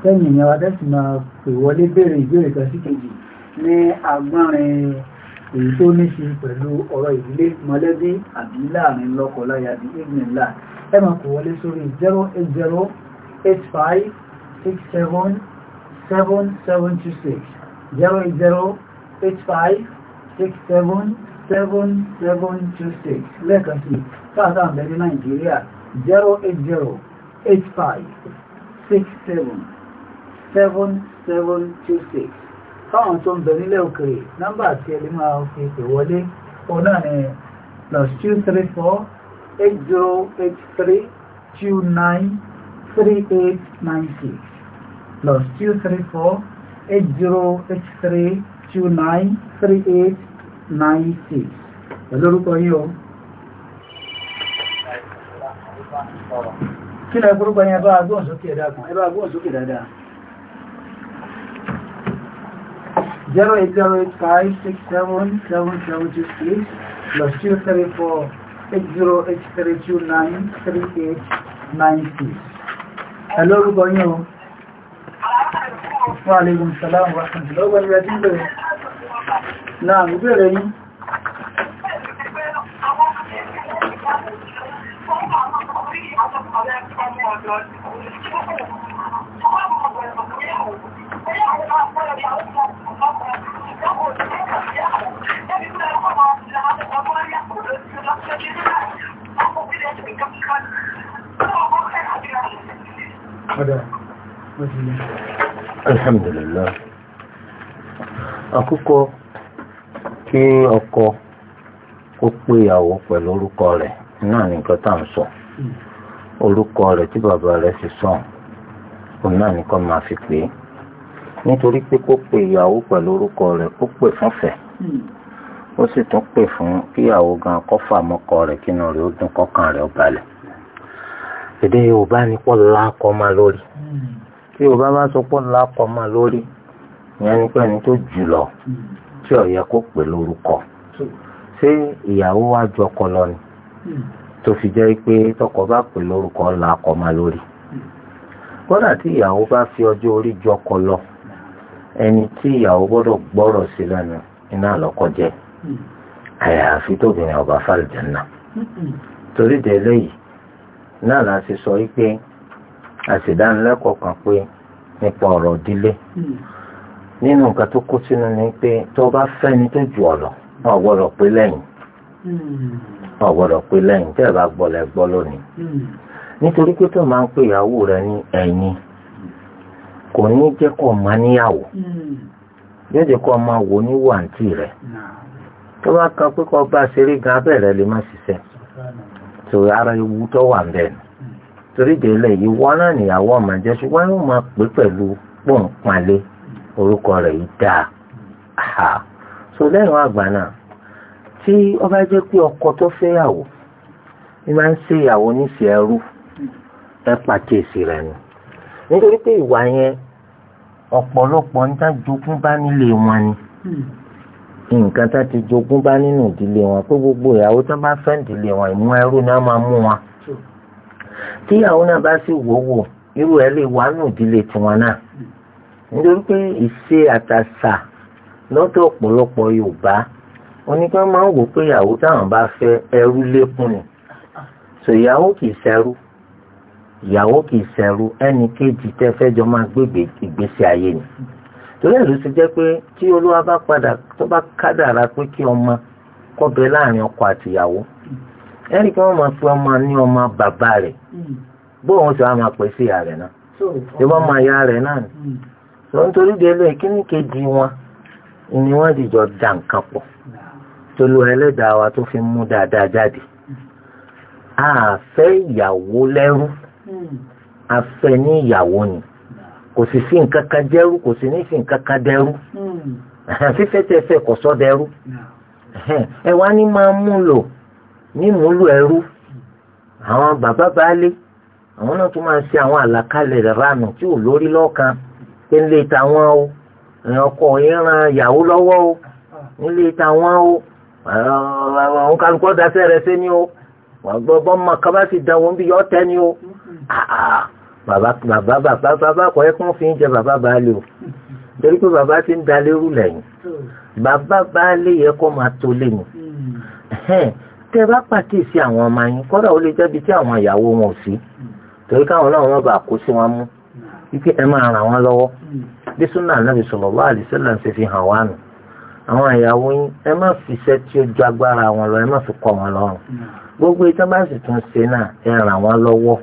tẹ́yìn ìyẹn wa tẹ́sì máa pè wọlé béèrè ìbéèrè kan sí kejì ní agbárin èyí tó ní ṣe pẹ̀lú ọ̀rọ̀ ìdílé mọ̀lẹ́bí àbí láàrin lọ́kọ̀láyà bí ìgbìnlá ẹ máa kò wọlé sórí 08085677726 080 eight five six seven seven seven two six lẹ́ẹ̀kan sí káàtà ń bẹ ní nàìjíríà zero eight zero eight five six seven seven seven two six fáwọn tó ń bẹ nílẹ̀ òkèrè nọ́mbà àti ẹ̀lẹ́ máa fi pè wọlé òun náà ni plus two three four eight zero eight three two nine three eight nine six plus two three four eight zero eight three two nine three eight nine six pẹ̀lú orúkọ yín o. kí lẹ forúkọ yín ẹ bá agbóhùn sókè ẹ̀dá kan ẹ bá agbóhùn sókè dáadáa. zero eight zero eight five six seven seven seven two six plus two three four eight zero eight three two nine three eight nine six. ẹ lórúkọ yín o. Wa alaikum salam wa rahmatullahi wa barakatuh. Náà, ìbéèrè yìí. Ọ̀dọ̀, ó ti lè. Alhamdulillah. àkókò kí ọkọ kó pé ìyàwó pẹ̀lú orúkọ rẹ̀ náà ní nǹkan tá à ń sọ orúkọ rẹ̀ tí bàbá rẹ̀ sì sọ òun náà ní kó máa fi pè é nítorí pé kó pè ìyàwó pẹ̀lú orúkọ rẹ̀ ó pè fúnfẹ̀ ó sì tún pè fún kíyàwó gan kọ́fà mọ́kọ rẹ̀ kínú rẹ̀ ó dùn kọ́kàn rẹ̀ ó balẹ̀ èdè Yorùbá ní kó lákọ́ máa lórí. Mm tí o bá bá sọ pé ńlá kọ mọ́ lórí ìyẹn ni pé ẹni tó jù lọ tí ò yẹ kó pè lórúkọ ṣé ìyàwó wa ju ọkọ lọ ni tó fi jẹ́ pé tọkọ bá pè lórúkọ ńlá kọ mọ́ lórí kódà tí ìyàwó bá fi ọjọ́ orí ju ọkọ lọ ẹni tí ìyàwó gbọ́dọ̀ gbọ́rọ̀ sí lẹ́nu iná lọ́kọ jẹ́ àyàfi tóbìnrin ọba fàlùjẹ́ náà torí délé náà láti sọ wípé. àṣìdánilẹ́kọ̀ọ́ kan pé nípa ọ̀rọ̀ ìdílé hmm. nínú nǹkan tó kó sínú ni pé tó bá fẹ́ni tó jù ọ́ lọ gbọ́dọ̀ pé lẹ́yìn hmm. ọ̀ gbọ́dọ̀ pé lẹ́yìn tẹ́ ẹ bá gbọ́ gbọ́ lónìí hmm. nítorí pé tó máa ń rẹ ní ẹ̀yìn kò ní jẹ́ kó máa rẹ tó bá kan ara ewu tó torí délẹ̀ yìí wọ́n náà nìyàwó ọmọ jẹ́ ṣùgbọ́n yóò máa pè pẹ̀lú pòǹpalẹ̀ orúkọ rẹ̀ yìí dáa so lẹ́yìn àgbà náà tí ó bá jẹ́ pé ọkọ tó fẹ́yàwó ni máa ń ṣe ìyàwó níṣẹ́ ẹrú ẹ pàkíyèsí rẹ̀ nù nítorí pé ìwà yẹn ọ̀pọ̀lọpọ̀ ń dájogún bá nílé wọn ni nǹkan tá ti jogún bá nínú ìdílé wọn pé gbogbo ìyàwó tó bá fẹ́ ìdílé wọn ìmú ẹrú ni a máa mú wọn. tíyàwó náà bá sì wòwò irú ẹ̀ lè wà nù ìdílé tiwọn náà nítorí pé ìṣe àtàṣà lọ́dọ̀ ọ̀pọ̀lọpọ̀ Yorùbá oníkan máa ń wò pé ìyàwó táwọn bá fẹ́ ẹrú lékún ni so ìyàwó kì í ṣẹrú ìyàwó kì í ṣẹrú ẹnì kejì tẹ́ fẹ́ jọ máa ìgbésí ayé ni torí ẹ̀ ló ti jẹ́ pé tí olúwa bá padà tó bá kádàrá pé kí ọmọ kọ́bẹ láàrin ọkọ ẹnì kan wọ́n máa fi ọmọ ní ọmọ bàbá rẹ̀ hmm. bó wọn sì wá máa pè sí ìyá náà ṣé wọ́n máa ya rẹ̀ náà ni hmm. sọ nítorí délé kíní kejì wọn ni wọ́n dìjọ da nǹkan pọ̀ tolu ẹlẹ́dàá wa tó fi mú dáadáa jáde àfẹ́ ìyàwó lẹ́rú hmm. afẹ́ ní ìyàwó ni kò sì sí nǹkan kan dẹ́rú kò sì ní sí nǹkan kan dẹ́rú fífẹ́ tẹ́fẹ́ kò sọ dẹ́rú ẹ wá ní máa mú lò nímúlò ẹrú àwọn bàbá baálé àwọn náà tún máa ń ṣe àwọn àlàkalẹ̀ ránù tí ò lórí lọ́kàn pé ń lè tàwọn o èèyàn ọkọ ìran ìyàwó lọ́wọ́ o nílé tàwọn o àwọn kálukọ́ dasẹ́ rẹ sí ni o gbọ́n mọ kaba sì dánwó ń bí yọ tẹ́ ni o bàbá bàbá bàbá bàbá kọ́ ẹ́ kún fi ń jẹ bàbá baálé o torí pé bàbá ti ń dalérú lẹ́yìn bàbá baálé yẹ kó máa tó lẹ́yìn tẹ bá pàkíyèsí àwọn ọmọ yín kódà ó lè ibi tí àwọn ìyàwó wọn ò sí torí káwọn náà wọn bá kó sí wọn mú wípé ẹ máa ràn wọn lọ́wọ́ bí súnà anábì sallallahu alaihi wasallam ṣe fi hàn wánu àwọn ìyàwó yín ẹ má fi tí ó ju agbára wọn lọ ẹ má fi wọn lọ́rùn gbogbo ìtàn tún ṣe náà ẹ ràn wọn lọ́wọ́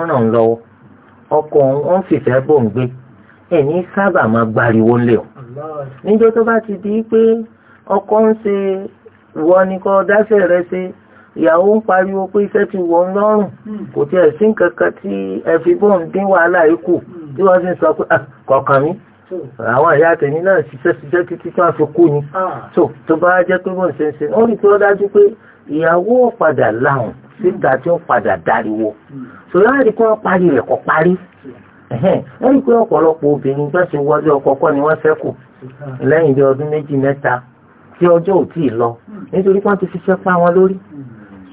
nítorí ọkọ òun fìfẹ́ bò ń gbé ẹ̀ní sábà máa gbariwo lé o níjọ́ tó bá ti di pé ọkọ ń ṣe wọ́n ni kọ́ dáṣẹ́ rẹ ṣe ìyàwó ń pariwo pé iṣẹ́ ti wọ̀ ń lọ́rùn hmm. kò tiẹ̀ sí nǹkan kan tí ẹ fi bò ń dín wàhálà yìí kù hmm. tí wọ́n sì ń sọ pé kọ̀ọ̀kan mi àwọn ìyá tèmi náà ṣiṣẹ́ ṣiṣẹ́ títí tó a fi kú ni ah. tó bá jẹ́ pé bó ń ṣe ń ṣe ó rí i pé dájú pé ìyàwó padà láwọn sígbà tí ó padà dariwo sọlá àdìkú wọn parí rẹ̀ kọ parí ẹ̀yìn pé ọ̀pọ̀lọpọ̀ obìnrin gbà ṣe wọlé ọkọ ni wọ́n ṣẹ́kù lẹ́yìn bí ọdún méjì mẹ́ta tí ọjọ́ ò tíì lọ nítorí wọ́n ti fiṣẹ́ pa wọn lórí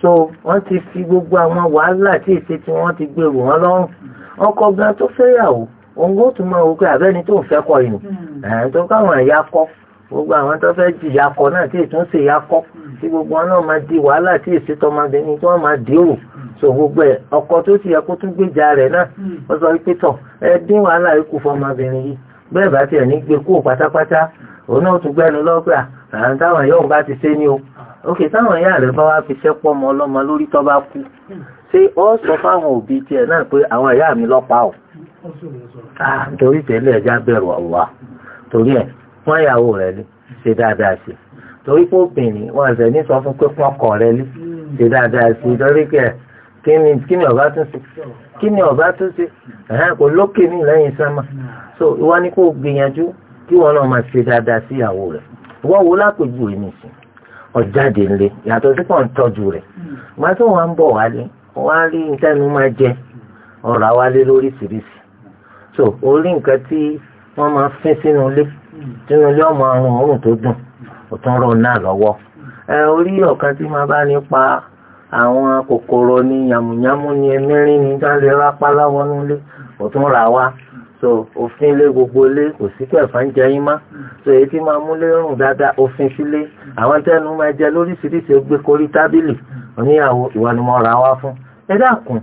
so wọ́n ti fi gbogbo àwọn wàhálà tí èsì tí wọ́n ti gbèrò wọn lọ́rùn ọkọ gan tó fẹ́yàwó òun ó tún máa wò àbẹ́ni tó ń fẹ́ kọ ìrìn ẹ̀ tó ẹ̀yà kọ gbogbo àwọn tó fẹ́ jìyà kọ náà tí ètò ń ṣèyà kọ tí gbogbo wọn náà máa di wàhálà tí èsì tọmọbìnrin tí wọn máa di òwò so gbogbo ẹ ọkọ tó ti yẹ kó tún gbèjà rẹ náà wọn sọ wípé tọ ẹ dín wàhálà yìí kù fọmọbìnrin yìí bẹ́ẹ̀ bá tiẹ̀ ní gbé kó pátápátá òun náà tún gbẹnu lọgbà àwọn táwọn yóò bá ti ṣe ni o òkè táwọn ìyá rẹ bá wá fi ṣẹpọ ọmọ ọlọmọ lórí tó bá kú ṣé ọ sọ fáwọn òbí tiẹ̀ náà pé àwọn ìyá mi lọ́pàá o torí tẹ́lẹ̀ ẹja bẹ̀rù ọ̀wà torí ẹ̀ wọ́n yàwó rẹ̀ ṣe dáadáa sí i torí pé obìnrin wọn àṣẹ ní sọ fún pé kún ọkọ rẹ lé ṣe dáadáa sí torí pé kí ni ọba tún ṣe kí ni ọba tún ṣe ẹ̀hán kò lókè ní lẹ́yìn sámà so ìwọ ni kò gbìyànjú kí wọn náà máa ṣe dáadáa sí ìyàwó rẹ ìwọ wo lápèjú rẹ nìsín ọ̀jáde ńlẹ̀ yàtọ̀ sí pọ̀ ń tọ́jú rẹ̀ máa tó wọn ń bọ̀ wálé wọn á rí nǹkan máa jẹ ọ̀rọ̀ àwálé lóríṣiríṣi so orí nǹkan tí wọ́n máa fín sínú ilé sínú ilé ọmọ ọrùn ọrùn tó dùn kò tún rọ̀ náà lọ́wọ́ ẹ orí ọ̀kan tí máa bá nípa àwọn kòkòrò ní yàmùyàmù ní ẹmẹ́rin ní jáde rápá láwọn nílé kò tún rà wá so òfin ilé gbogbo ilé kò sí pẹ̀fà ń jẹ yín má so èyí tí máa múlé rùn dáadáa òfin sílé àwọn tẹnu máa jẹ lóríṣiríṣi gbé korí tábìlì oníyàwó ìwà ni mo rà wá fún ẹ dákun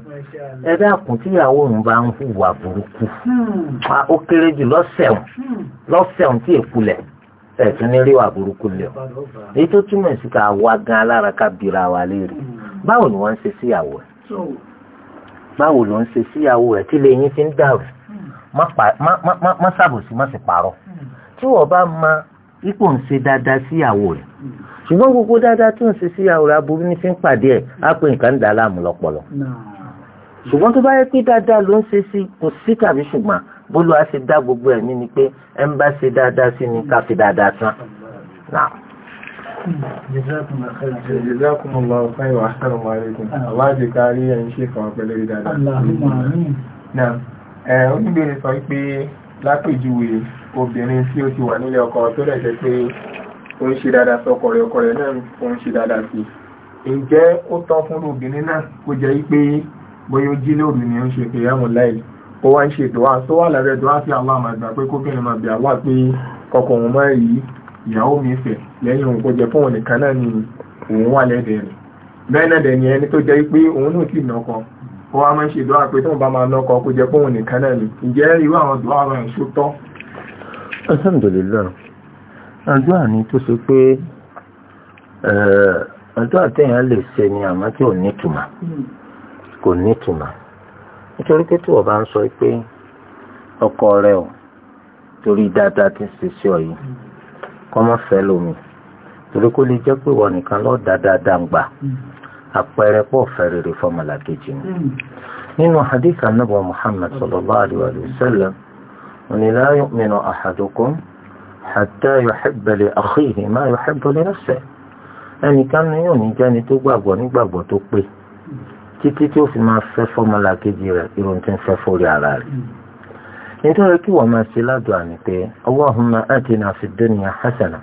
ẹ dákun tíyàwó òun bá ń hùwà burúkú hmm. ó kéré jù lọ́sẹ̀hún lọ́sẹ̀hún tí èkulẹ̀ ẹ̀tún ní ríwà burúkú lẹ̀ èyí tó túmọ̀ sí ká wá gan alára ká bira wa léèrè báwo ni wọ́n ń ṣe síyàwó ẹ̀ báwo ló ń ṣe síyàwó ẹ̀ tí lẹ́yìn fi ń dàrú má ṣàbòsí má sì parọ́ tí wọ́n bá ma ipò ń ṣe dáadáa síyàwó rẹ̀ ṣùgbọ́n gbogbo dáadáa tó ń ṣe síyàwó rẹ̀ aburú ní fi ń pàdé ẹ̀ á pè nǹkan ń dà láàmú lọ́pọlọ ṣùgbọ́n tó bá yẹ pé dáadáa ló ń ṣe sí kò sí tàbí ṣùgbọ́n bólú a ṣe dá gbogbo ẹ̀mí ni pé ẹ ń bá ṣe dáadáa sí ni ká fi dáadáa tán. Jazakumullahu khairan wa assalamu alaykum. Allah jẹ́ ká rí ẹ̀yin ṣe fún ọpẹ́lẹ́ rí dáadáa. Náà sọ pé lápèjúwe obìnrin tí ó ti wà nílé ọkọ tó rẹ̀ pé ó ń ṣe dáadáa sọ́kọ rẹ̀ ọkọ rẹ̀ náà ó ń ṣe dáadáa sí Ǹjẹ́ ó tọ́ fún obìnrin náà kó jẹ́ pé bóyá ó jí lóru ni ó ṣe pé yàmù láìpẹ́ ó wá ń ṣe dùá tó wà lábẹ́ dùá sí Allah máa gbà pé kóbìnrin máa bẹ̀ Allah pé ọkọ òun máa rí ìyàwó mi fẹ̀ lẹ́yìn òun kó jẹ fóun nìkan náà ni òun wà lẹ́dẹ̀ rẹ̀ bẹ́ẹ̀ náà dẹ̀ni ẹni tó jẹ́ pé òun náà sì nọkọ ó wá máa ń ṣe dùá pé tóun bá máa nọkọ kó jẹ fóun nìkan náà ni ǹjẹ́ irú àwọn dùá rẹ̀ ń sótọ́. alhamdulilayi àdúrà nítorí pé tí wọ́n bá ń sọ pé ọkọ rẹ ò torí dáadáa ti ń ṣiṣẹ́ ọ yìí kọ́ mọ́ fẹ́ lómi torí kó lè jẹ́ pé wọ́n nìkan lọ́ọ́ dáadáa dàgbà àpẹẹrẹ pọ̀ fẹ́ rere fọmọlàkejì ni. nínú hadith ànábì muhammad sallallahu alayhi wa sallam ni la yu'minu ahadukum hatta yuhibba li akhihi ma ẹnìkan ni yóò ní jẹ́ni tó gbàgbọ́ nígbàgbọ́ tó pé títí tí ó fi máa fẹ́ fọ́mọlá kejì rẹ̀ irun tí ń fẹ́ fórí ara rẹ̀ nítorí kí wọ́n máa ṣe ládùá ni pé Allahumma atina fid dunya hasana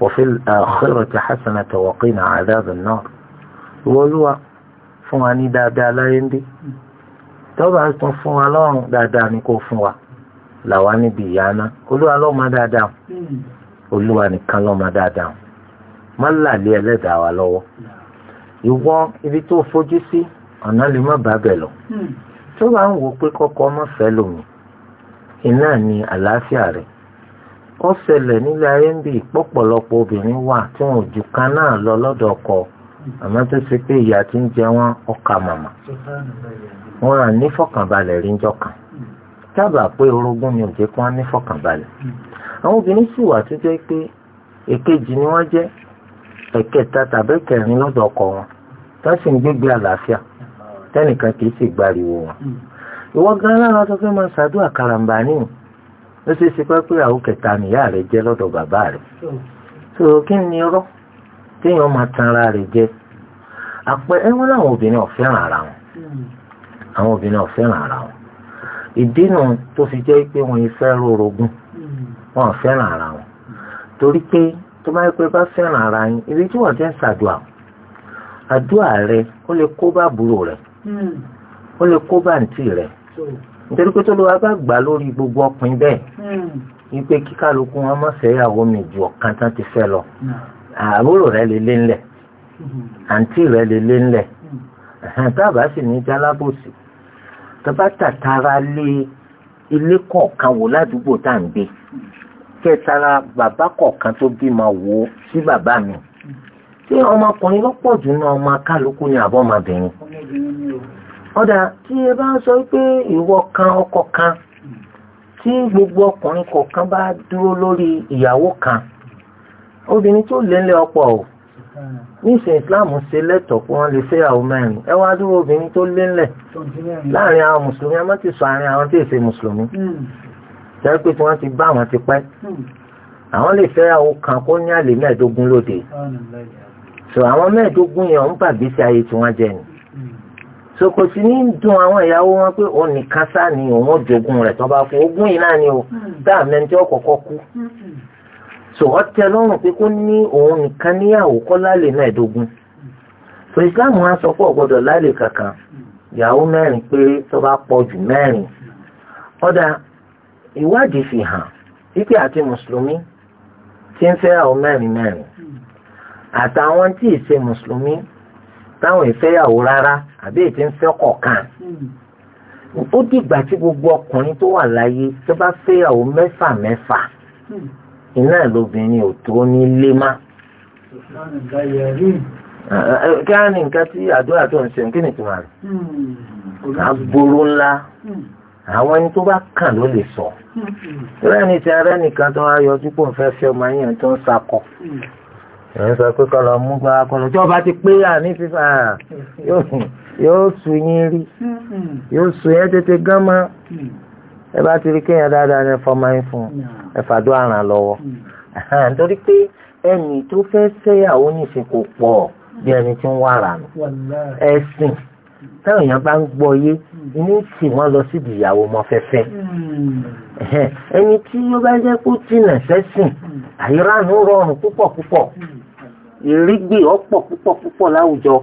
wa fil akhirati hasana wa qina adhaban nar ìwọ́lúwa fún wa ní dáadáa láyé ń dé tọ́ba tún fún wa lọ́rùn dáadáa ni kò fún wa làwa níbi ìyáná olúwa lọ́mọ dáadáa olúwa nìkan lọ́mọ dáadáa má làlẹ́ ẹlẹ́dàá wa lọ́wọ́ ìwọ ibi tó fojú sí ọ̀nà lè má bàbẹ̀ bẹ̀ lọ. Hmm. tó bá ń wo pé kọ́kọ́ mọ́ fẹ́ lòun iná ni àlàáfíà rẹ̀ ó ṣẹlẹ̀ nílé ayé ń bí obìnrin wà tí wọn ò kan náà lọ lọ́dọ̀ ọkọ àmọ́ tó ṣe pé ìyá ń wọn ọkà màmá wọn ní fọkànbalẹ̀ kan dábàá pé orogún ni òjé kan ní fọkànbalẹ̀ àwọn obìnrin sì wà tó jẹ́ pé èkejì ni wọ́n ọkọ wọn sì ń tẹ́nìkan kì í sì gbariwo wọn. Hmm. ìwọ gan lára sọ pé máa ṣàdúrà karambà ní ó ṣe é ṣe pé pé àwọn kẹta nìyá rẹ jẹ lọ́dọ̀ bàbá rẹ. so kí ni irọ́ téèyàn máa tan ara rẹ jẹ àpẹ ẹ wọn láwọn obìnrin ò fẹ́ràn ara wọn hmm. àwọn obìnrin ò fẹ́ràn ara wọn ìdínà tó fi jẹ́ pé wọ́n yìí fẹ́ rorogún hmm. wọn ò ara wọn torí pé tó bá yẹ bá fẹ́ràn ara yín ibi tí wọ́n ti ń ṣàdúrà àdúrà rẹ ó lè kó bá àbúrò rẹ̀ ó lè kó bàǹtì rẹ̀ nítorí pé tó ló wá bá gbà lórí gbogbo ọkùnrin bẹ́ẹ̀ wípé hmm. kíkálukú wọn mọ̀ fẹ́yàwó mi ju ọ̀kan tán ti fẹ́ lọ hmm. àbúrò rẹ̀ lè lé ńlẹ̀ hmm. àǹtí rẹ̀ lè lé ńlẹ̀ tábà sì ní jálábòsì tọ́ba tàtàrà lé ilé kọ̀ọ̀kan wò ládùúgbò tá à ń gbé kẹtara bàbá kọ̀ọ̀kan tó bímọ wò sí bàbá mi. ṣé ọmọkùnrin lọ́pọ̀ jù náà ọmọ akálukú ni àbọ̀ ọmọbìnrin ọ̀dà tí ẹ bá ń sọ pé ìwọ kan ọkọ kan tí gbogbo ọkùnrin kọ̀ọ̀kan bá dúró lórí ìyàwó kan obìnrin tó lé ńlẹ̀ ọ̀pọ̀ o níṣẹ́ Islam ṣe lẹ́tọ̀ọ́ pé wọ́n lè fẹ́ ìyàwó mẹ́rin ẹ wá dúró obìnrin tó lé láàrin àwọn mùsùlùmí a má ti sọ àárín àwọn tí èsè mùsùlùmí jẹ́ pé tí wọ́n ti bá àwọn ti pẹ́ àwọn lè fẹ́ ìyàwó kan kó ní àlè mẹ́ẹ̀ẹ́dógún lóde so àwọn mẹ́ẹ̀ẹ́dógún yẹn ń bàgbésí ayé tí wọ́n jẹ ni so kò sí ní dùn àwọn ìyàwó wọn pé òun nìkan sá ni òun jogun rẹ̀ tó kú ogún yìí náà ni o dáa mẹ́ntẹ́ ọ̀kọ̀ọ̀kọ̀ kú so ọtẹ lọ́rùn pé kó ní òun nìkan níyàwó kọ́ lálẹ́ mẹ́ẹ̀ẹ́dógún so Islam sọ pé ọ̀gbọ́dọ̀ lálẹ́ kankan ìyàwó mẹ́rin pé pọ̀ jù mẹ́rin ọ̀dà ìwádìí fi hàn wípé àti mùsùlùmí ti ń mẹ́rin àtàwọn tí ì ṣe mùsùlùmí táwọn ìfẹ́yàwó rárá àbí ètí ń fẹ́ kọ̀ọ̀kan ó dìgbà tí gbogbo ọkùnrin tó wà láyé tó bá fẹ́yàwó mẹ́fà mẹ́fà iná lóbìnrin ò tó ní lé má. kí á ní nǹkan tí àdúrà tó ń ṣe kí ni tó máa rẹ̀ agboro ńlá àwọn ẹni tó bá kàn ló lè sọ. ìrẹ́ni ti arẹ́nìkan tó wá yọjú pò ń fẹ́ fẹ́ ọmọ yẹn tó ń sakọ ẹ̀ ń sọ pé kọ́ lọ mú gba akọ́lọ́ tí ọba ti pé àní fífa yóò sù yín rí yóò sù yẹn tètè gán mọ́ ẹ bá ti rí kéèyàn dáadáa ní ẹfọ máa ń fún ẹ fàdó àràn lọ́wọ́ nítorí pé ẹnì tó fẹ́ ṣẹ́yàwó nìsín kò pọ̀ bí ẹni tí ń wàrà nù ẹ̀sìn táwọn èèyàn bá ń gbọ́ yé ní tí wọ́n lọ síbi ìyàwó mọ́fẹ́fẹ́ ẹni tí ó bá jẹ́ kó tìǹà sẹ́sìn àyíráàánú rọrùn púpọ̀ púpọ̀ ìrígbè ọ̀pọ̀ púpọ̀ púpọ̀ láwùjọ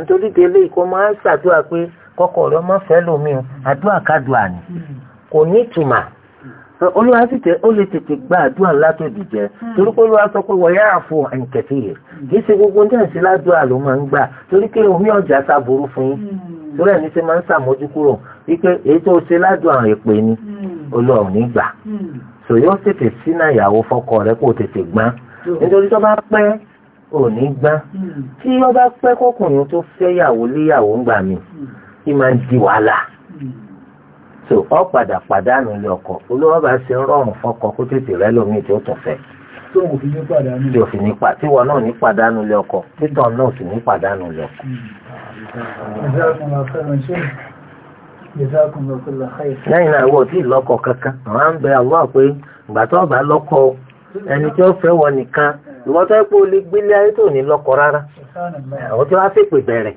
nítorí délé ikọ̀ máa ń ṣàdúrà pé kọ́kọ́ rẹ ọmọ fẹ́ lómi o àdúrà kádùá ni kò ní ìtumọ̀ olúwa sì tẹ ó lè tètè gba àdúrà látòdì jẹ torí pé olúwa sọ pé wọ́n yára fún ẹnìkẹ́tì yìí kì í ṣe gbogbo ní ẹ̀sìn ládùúrà ló máa ń gbà torí pé omi ọ̀jà sábòrò fún yín torí ẹni ṣe máa ń ṣàmójúkúrò wípé èyí tó ṣe ládùúrà èpè ni olúwa ò ní gbà sòyó tètè sínú àyàwó fọkọ rẹ kó tètè gbọ́n nítorí tó bá pẹ́ òní gbá tí wọ́n bá pẹ́ kọkùnrin tó fẹ́ yàwó léyàwó ń gbà mí kí máa ń di wàhálà tó ọ padà pàdánù ilé ọkọ olówó bá ṣe ń rọrùn fọkọ kó tètè rẹ lómi tó tún fẹ́ tí òfin ní pàdánù tí wọn náà ní pàdánù ilé ọkọ títọ náà sì ní pàdánù ilé ọkọ. lẹ́yìn náà ìwọ ò tí ì lọ́kọ kankan àwọn à ń bẹ àwọn àpé ìgbà tó ọba lọ́kọ ẹni tí ó fẹ́ wọ nìkan ìwọ́n tó pé o lè gbélé ayé tó ní lọ́kọ rárá àwọn tí wá fèpè bẹ̀rẹ̀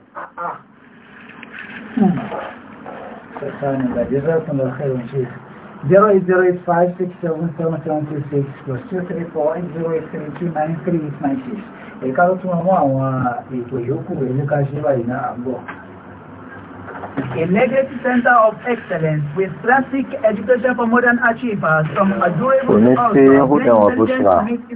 Zero eight zero eight àwọn ètò ìyókù rẹ̀ ní ká ṣe báyìí náà àbọ̀ a legacy center of excellence with classic education for modern achievers from adorable nítorí àtúnṣe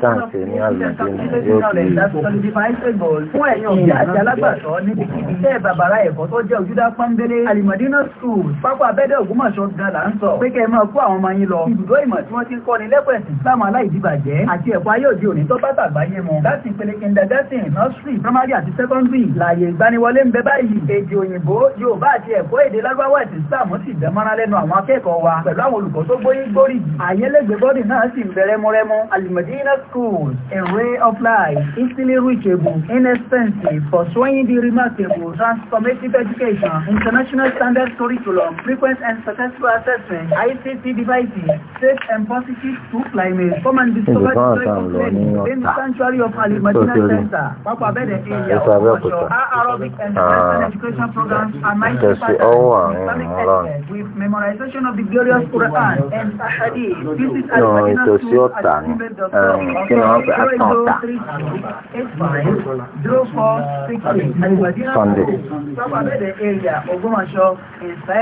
táǹkì ní àlùjẹ́ yóò fi fún ẹ̀yin òbí àti alágbàtọ́ níbikíbi tẹ́ bàbàrà ẹ̀kọ́ tó jẹ́ ojúdá pọ́nbélé alimadina school pápá abẹ́dẹ̀ ògbómọ̀ṣọ́ gan là ń sọ pé kẹ́ ẹ máa kó àwọn ọmọ yín lọ ibùdó ìmọ̀ tí wọ́n ti ń kọ́ ni lẹ́kọ̀ọ́ ẹ̀sìn islam aláìdíbàjẹ́ àti ẹ̀kọ́ ayé òde òní tó bá tàgbáyé mu láti ìpele kindergarten nursery primary àti secondary láàyè ìgbaniwọlé ń bẹ báyìí èdè òyìnbó yorùbá àti ẹ̀kọ́ èdè lágbáwá ẹ̀sìn islam sì dẹ́mọ́ra lẹ́nu àwọn akẹ́kọ̀ọ́ wa pẹ̀lú àwọn olùkọ́ tó gbóyí gbórí àyẹlẹ́gbẹ́ bọ́dì náà sì bẹ̀rẹ̀ mọ́rẹ́mọ́ alimadina schools a ray of life, easily reachable inexpensive pursuing the remarkable transformative education international standard curriculum frequent and successful assessment ICT devices safe and positive to climate come and discover the joy of learning in the sanctuary of alimadina center pápá bẹ́ẹ̀ education programs and mighty patterns Islamic excellence with memorization of the glorious Quran and Hadith. This is no, Al-Madina School at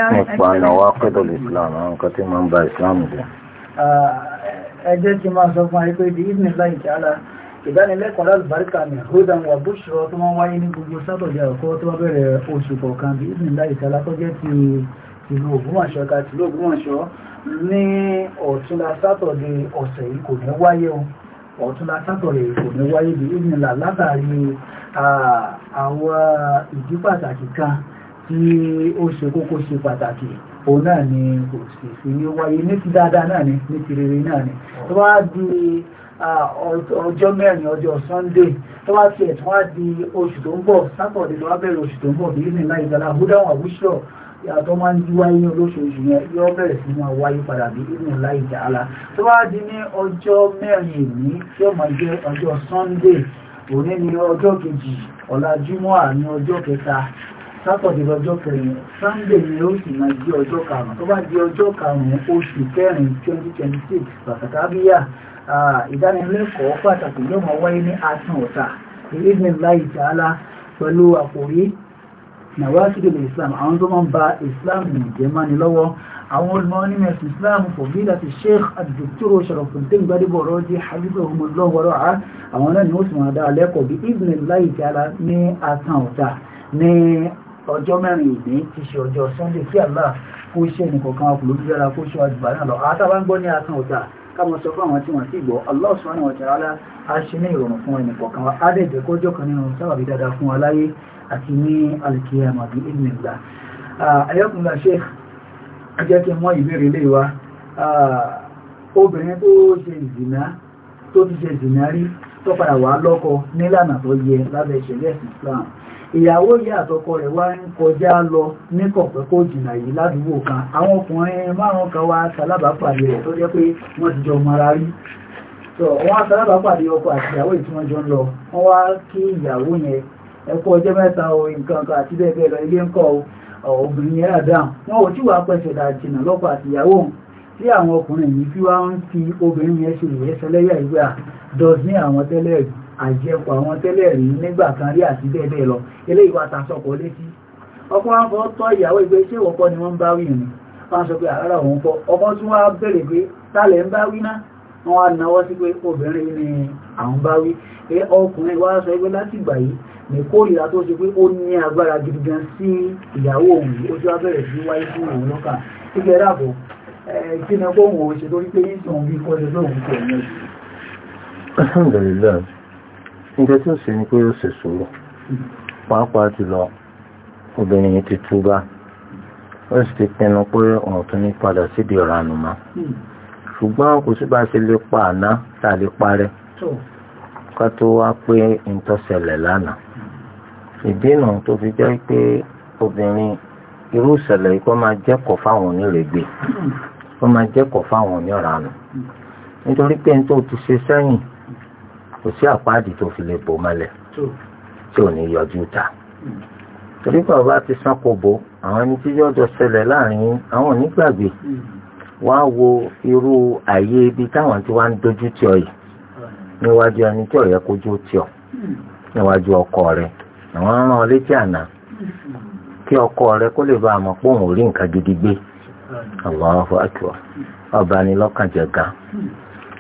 Nípa àwọn akẹ́dọ̀ Islam, àwọn nǹkan tí máa ń ba Islam jẹ́. Uh, ẹ jẹ́ kí máa sọ fún ayé pé di Ibn Láì ìdánilẹ́kọ̀ọ́ lálùbáríkà ní hódà wà búṣọ tó wọ́n wáyé ní gbogbo sátọ̀dẹ̀ ọ̀kọ́ tó wá bẹ̀rẹ̀ oṣù kọ̀ọ̀kan bí ìsìn láì tẹ́lá tó jẹ́ ti ìlú Ògbómọ̀ṣọ́ ká tìlú Ògbómọ̀ṣọ́ ní ọ̀túnla sátọ̀dẹ̀ ọ̀sẹ̀ yìí kò ní wáyé o ọ̀túnla sátọ̀dẹ̀ kò ní wáyé bí ìsìn là látàrí àwọn ìdí pàtàkì kan tí náà ni kò sì fi wáyé ní ti dáadáa náà ni ní ti rere náà ni tó bá di ọjọ́ mẹ́rin ọjọ́ sunday tó wá ti ẹ̀tún wá di oṣù tó ń bọ̀ sátọ̀dé ló wá bẹ̀rẹ̀ oṣù tó ń bọ̀ bíi nílá ìgbàlá húdáwọn àwùjọ ìyàtọ̀ máa ń wáyé ní olóṣooṣù yẹn yọ bẹ̀rẹ̀ sí máa wáyé padà bí nílá ìgbàlá tó wá di ní ọjọ́ mẹ́rin èmi tí ó máa jẹ́ ọjọ́ sunday òní ni ọjọ́ kejì ọ̀la júmọ́ àní ọjọ́ kẹta sátọ̀dé lọ́jọ́ kẹrin sunday ni ó sì máa di ọjọ́ karùn-ún tó bá di ọjọ́ karùn-ún oṣù kẹrin twenty twenty six bàtàkàbíyà ìdánilẹ́kọ̀ọ́ pàtàkì yóò máa wáyé ní asan ọ̀tà ìrìnà láì jàálá pẹ̀lú àkòrí nàwásílẹ̀ islam àwọn tó máa ń ba islam ní ìjẹmáni lọ́wọ́ àwọn olùmọ́nímẹ̀sì islam fòbílà ti sheikh adùtúrò sọ̀rọ̀fùntẹ́ gbadébọ̀ ọ̀rọ̀ di hajjúgbò ọmọdúnlọ́wọ́rọ̀ à àwọn náà ni ó sì máa dá lẹ́kọ̀ọ́ bí ìrìnà láì jàálá ní asan ọ̀tà ní ọjọ́ mẹ́rin ìdí ti ṣe ọjọ́ sunday kí àlá kó ṣe nìkọ̀ọ̀kan ọkùnrin lójú yára kó ṣe àjùbá náà lọ àtàwọn gbọ́ ní asan ọ̀tà káàmọ̀ sọ fún àwọn tí wọ́n ti gbọ́ Allah subhanahu wa ta'ala á ṣe ní ìrọ̀rùn fún ẹnì kọ̀ọ̀kan wa á dẹ̀ jẹ́ kọjọ́ kan nínú sábàbí dáadáa fún wa láyé àti ní alkiyama bí ìlú ìgbà ayọ́kùnrin sheikh jẹ́ kí n mọ ìyàwó yìí àtọkọ rẹ̀ wá ń kọjá lọ ní kọ̀pẹ́kọ̀ jìnnà yìí ládùúgbò kan àwọn ọkùnrin márùn kan wá ṣalábàápàdé rẹ̀ tó jẹ́ pé wọ́n ti jọ mara rí so wọ́n ṣalábàápàdé ọkọ àti ìyàwó yìí tí wọ́n jọ ń lọ wọ́n wá kí ìyàwó yẹn ẹ̀kọ́ ọjọ́ mẹ́ta o nǹkan kan àti bẹ́ẹ̀ bẹ́ẹ̀ lọ ilé ń kọ́ obìnrin yẹn àdáhùn wọn ò tí wàá pẹ̀sẹ̀ dà jìnnà lọ́kọ àti ìyàwó tí àwọn ọkùnrin yìí fi wá ń fi obìnrin yẹn ṣe ìyẹ́sẹ̀ lẹ́yà ìgbà dọ̀sí àwọn tẹ́lẹ̀ rí àjẹpọ̀ àwọn tẹ́lẹ̀ rí nígbà kan rí àti bẹ́ẹ̀ bẹ́ẹ̀ lọ eléyìí wá tasọ́kọ̀ létí ọkọ̀ wọn fọ́ tọ́ ìyàwó ìgbé ṣé ìwọ̀pọ̀ ni wọ́n ń bá wí ni wọ́n sọ pé àrárá òun fọ́ ọkọ̀ tún wá bẹ̀rẹ̀ pé tálẹ̀ ń bá wí ná wọ́n wá náwọ́ sí pé obìnrin ni àwọn bá wí pé ọkùnrin wá sọ pé láti ìgbà yìí ní kórìíra tó ṣe pé ó ní agbára gidi gan sí ìyàwó òun ó ti wá bẹ̀rẹ̀ sí wáyé fún òun lọ́kà kíkẹ́ dàbọ̀ kí òun ṣe torí pé yíṣàn bí kọ́ ṣe lóhùn tẹ̀lé. alhamdulillah nǹkan tí ó ṣe ni pé ó ṣe sòrò pàápàá jùlọ obìnrin yìí ti túbá ó sì ti pinnu pé òun tún ní padà sídìí ìranù mọ́ hmm. ṣùgbọ́n kò sí bá ṣe lè pa àná tá a lè parẹ́ ká tó wá pé n tó ṣẹlẹ̀ lánàá ìdínà tó fi jẹ́ pé obìnrin irú ìṣẹ̀lẹ̀ yìí kó máa jẹ́kọ̀ọ́ fáwọn onírègbè hmm. kó máa jẹ́kọ̀ọ́ fáwọn oníranù nítorí pé n tó ti ṣe sẹ́yìn kò sí àpáàdì tó fi lè bò mọ́lẹ̀ tí ò ní yọjú ta torí pé ọba ti sán kò bò àwọn ẹni tí yọjọ ṣẹlẹ̀ láàrin àwọn onígbàgbé hmm. wá wo irú àyè ibi táwọn tí wá ń dojú ọ yìí hmm. níwájú ẹni tí ó yẹ kójú tì ọ hmm. níwájú ọkọ rẹ àwọn ọ létí àná kí ọkọ rẹ kó lè bá a pé òun rí nǹkan gidi gbé ọba ni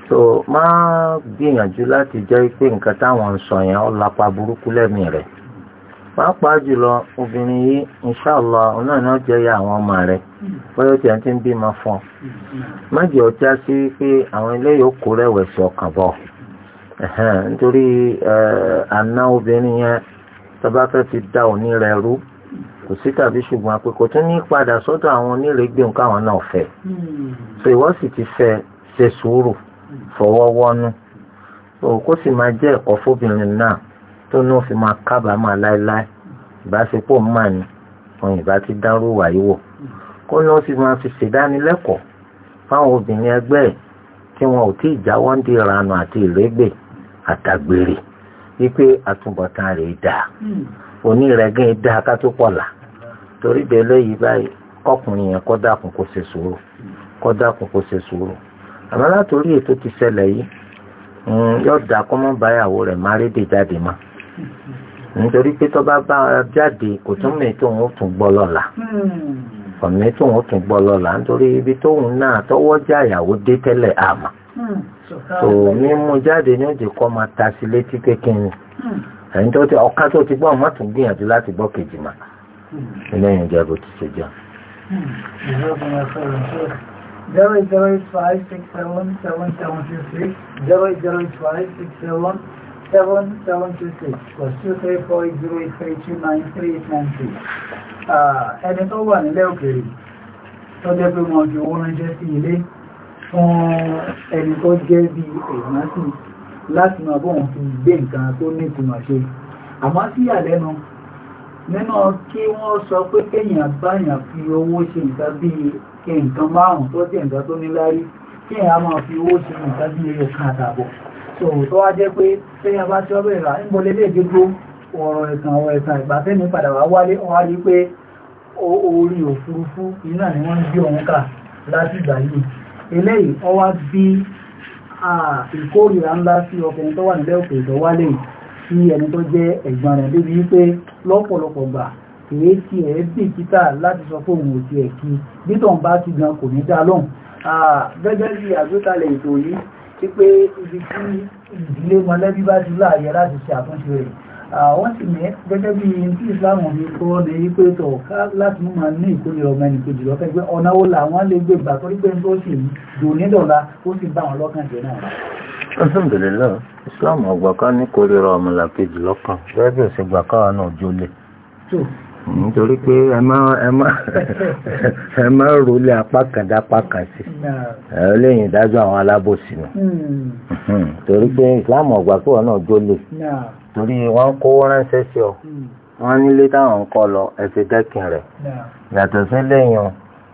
so máa gbìyànjú láti jẹ́ pé nǹkan táwọn ń sọ yẹn ó lapa burúkú lẹ́mìí rẹ̀ pàápàá jùlọ obìnrin yìí inṣàlọ náà náà jẹ́ ya àwọn ọmọ rẹ̀ bóyá tí a ti ń bímọ fún ọ májì ọjà sí pé àwọn eléyìí ó kó rẹ̀wẹ̀sì ọkàn bọ̀ nítorí àná obìnrin yẹn tó bá fẹ́ fi dá òní rẹ̀ rú kò sí tàbí ṣùgbọ́n pé kò tún ní padà sọ́dọ̀ àwọn onírègbè nǹkan àwọn náà fẹ́ hmm. so ìwọ sì ti fẹ́ ṣe sùúrù. fọwọ́ wọ́nú kó sì máa jẹ́ ẹ̀kọ́ fóbìnrin náà tó náà fi máa kábàámọ̀ láéláé ìbáṣepọ̀ mà ní òun ìbá ti dárò wáyé wò kó náà sì máa fi ṣèdánilẹ́kọ̀ọ́ fáwọn obìnrin ẹgbẹ́ ẹ̀ tí wọn ò tí ì jáwọ́ ń di ìranù àti ìrégbè àtàgbèrè wípé àtúbọ̀tán rẹ̀ dáa onírẹ̀gẹ́ dáa ká tó pọ̀là torí bẹ́ẹ̀ lẹ́yìn báyìí kọkùnrin yẹn kó dákun kó ṣe sùúrù kó dákun kó ṣe sùúrù àmọ́ látòrí ètò ti ṣẹlẹ̀ yìí yóò dà kó mọ́ báyàwó rẹ̀ márédè jáde mọ́ nítorí pé tó bá bá jáde kò tún mẹ́ tó ń tún gbọ́ lọ́la ọ̀nà tó ń tún gbọ́ lọ́la nítorí ibi tóun náà tọwọ́ já ìyàwó dé tẹ́lẹ̀ àmọ́ tó mímú jáde ní òjì kọ́ máa ta sí létí kékeré ẹ̀yìn tó ti ọ̀ká tó ti gbọ́ ọ̀mọ́ tún gbìyànjú láti gbọ́ kejì mà lẹ́yìn ìjẹ́bù ti ṣe jẹun. 08056777726, 08056777726, plus 23408329393. Ẹni tó wà nílẹ̀ òkèrè tó jẹ́ pé wọ́n ju owó ránṣẹ́ sí ilé fún ẹni tó jẹ́ bí èèyàn sí láti máa bọ́ wọn fi gbé nǹkan tó ní ìtumọ̀ ṣe. Àmọ́ sí àlẹ́nu nínú kí wọ́n sọ pé kéèyàn báyàn fi owó ṣe nǹkan bíi kí nǹkan márùn-ún tó jẹ́ nǹkan tó níláárí kí èèyàn máa fi owó ṣe nǹkan bí ẹyọ kan àtààbọ̀ so tó wá jẹ́ pé téèyàn bá ṣọ́ bẹ̀rẹ̀ rà ń bọ́lẹ̀ lè dégbó ọ̀rọ̀ ẹ̀sán ọ̀rọ̀ ẹ̀sán ìgbàsẹ́ni padà wá wálé wọ́n rí pé orí òfurufú iná ni wọ́n ń gbé òun kà láti ìgbà yìí eléyìí wọ́n wá bí ìkórìíra ńlá sí ọkùnrin tó wà nílẹ̀ òkè ìtọ́wálẹ̀ sí ẹni tó jẹ́ ẹ̀gbọ́n rẹ̀ débi wípé lọ́pọ̀lọpọ̀ gbà kìí ti ẹ̀ bìkítà láti sọ fún òun òtí ẹ̀ kí nítọ̀n bá ti gan kò ní dá lóhùn gẹ́gẹ́ bí àgbékalẹ̀ ètò yìí ti pé ibi tí ìdílé mọ̀lẹ́bí bá ti láàyè láti ṣe àtúnṣe rẹ̀ wọ́n sì ní gẹ́gẹ́ bí tí ìsìláàmù mi kọ́ lè yí pé tọ̀ láti mú ma ní ìkórìíra ọmọ ẹnì kejì lọ́kàn pé ọ̀nà wo làwọn lè gbé gbà torí pé tó sì dò nídọ̀la ó sì bá wọn lọ́kàn jẹ náà. alhamdulilá islam ọgbà kan ní ìkórìíra ọmọlàkejì lọ́kàn gẹ́gẹ́ bí òṣègbà káwa náà jólè nítorí pé ẹ má rólé apákàndá apákànsí lẹ́yìn ìdájọ́ àwọn alábòsí nù hmm. torí pé islam ọ̀gbà pé wọn náà jólè torí wọn kó ránṣẹ́ sí ọ hmm. wọn nílé táwọn ń kọ́ lọ ẹsẹ̀ dẹ́kin rẹ̀ yàtọ̀ sí lẹ́yìn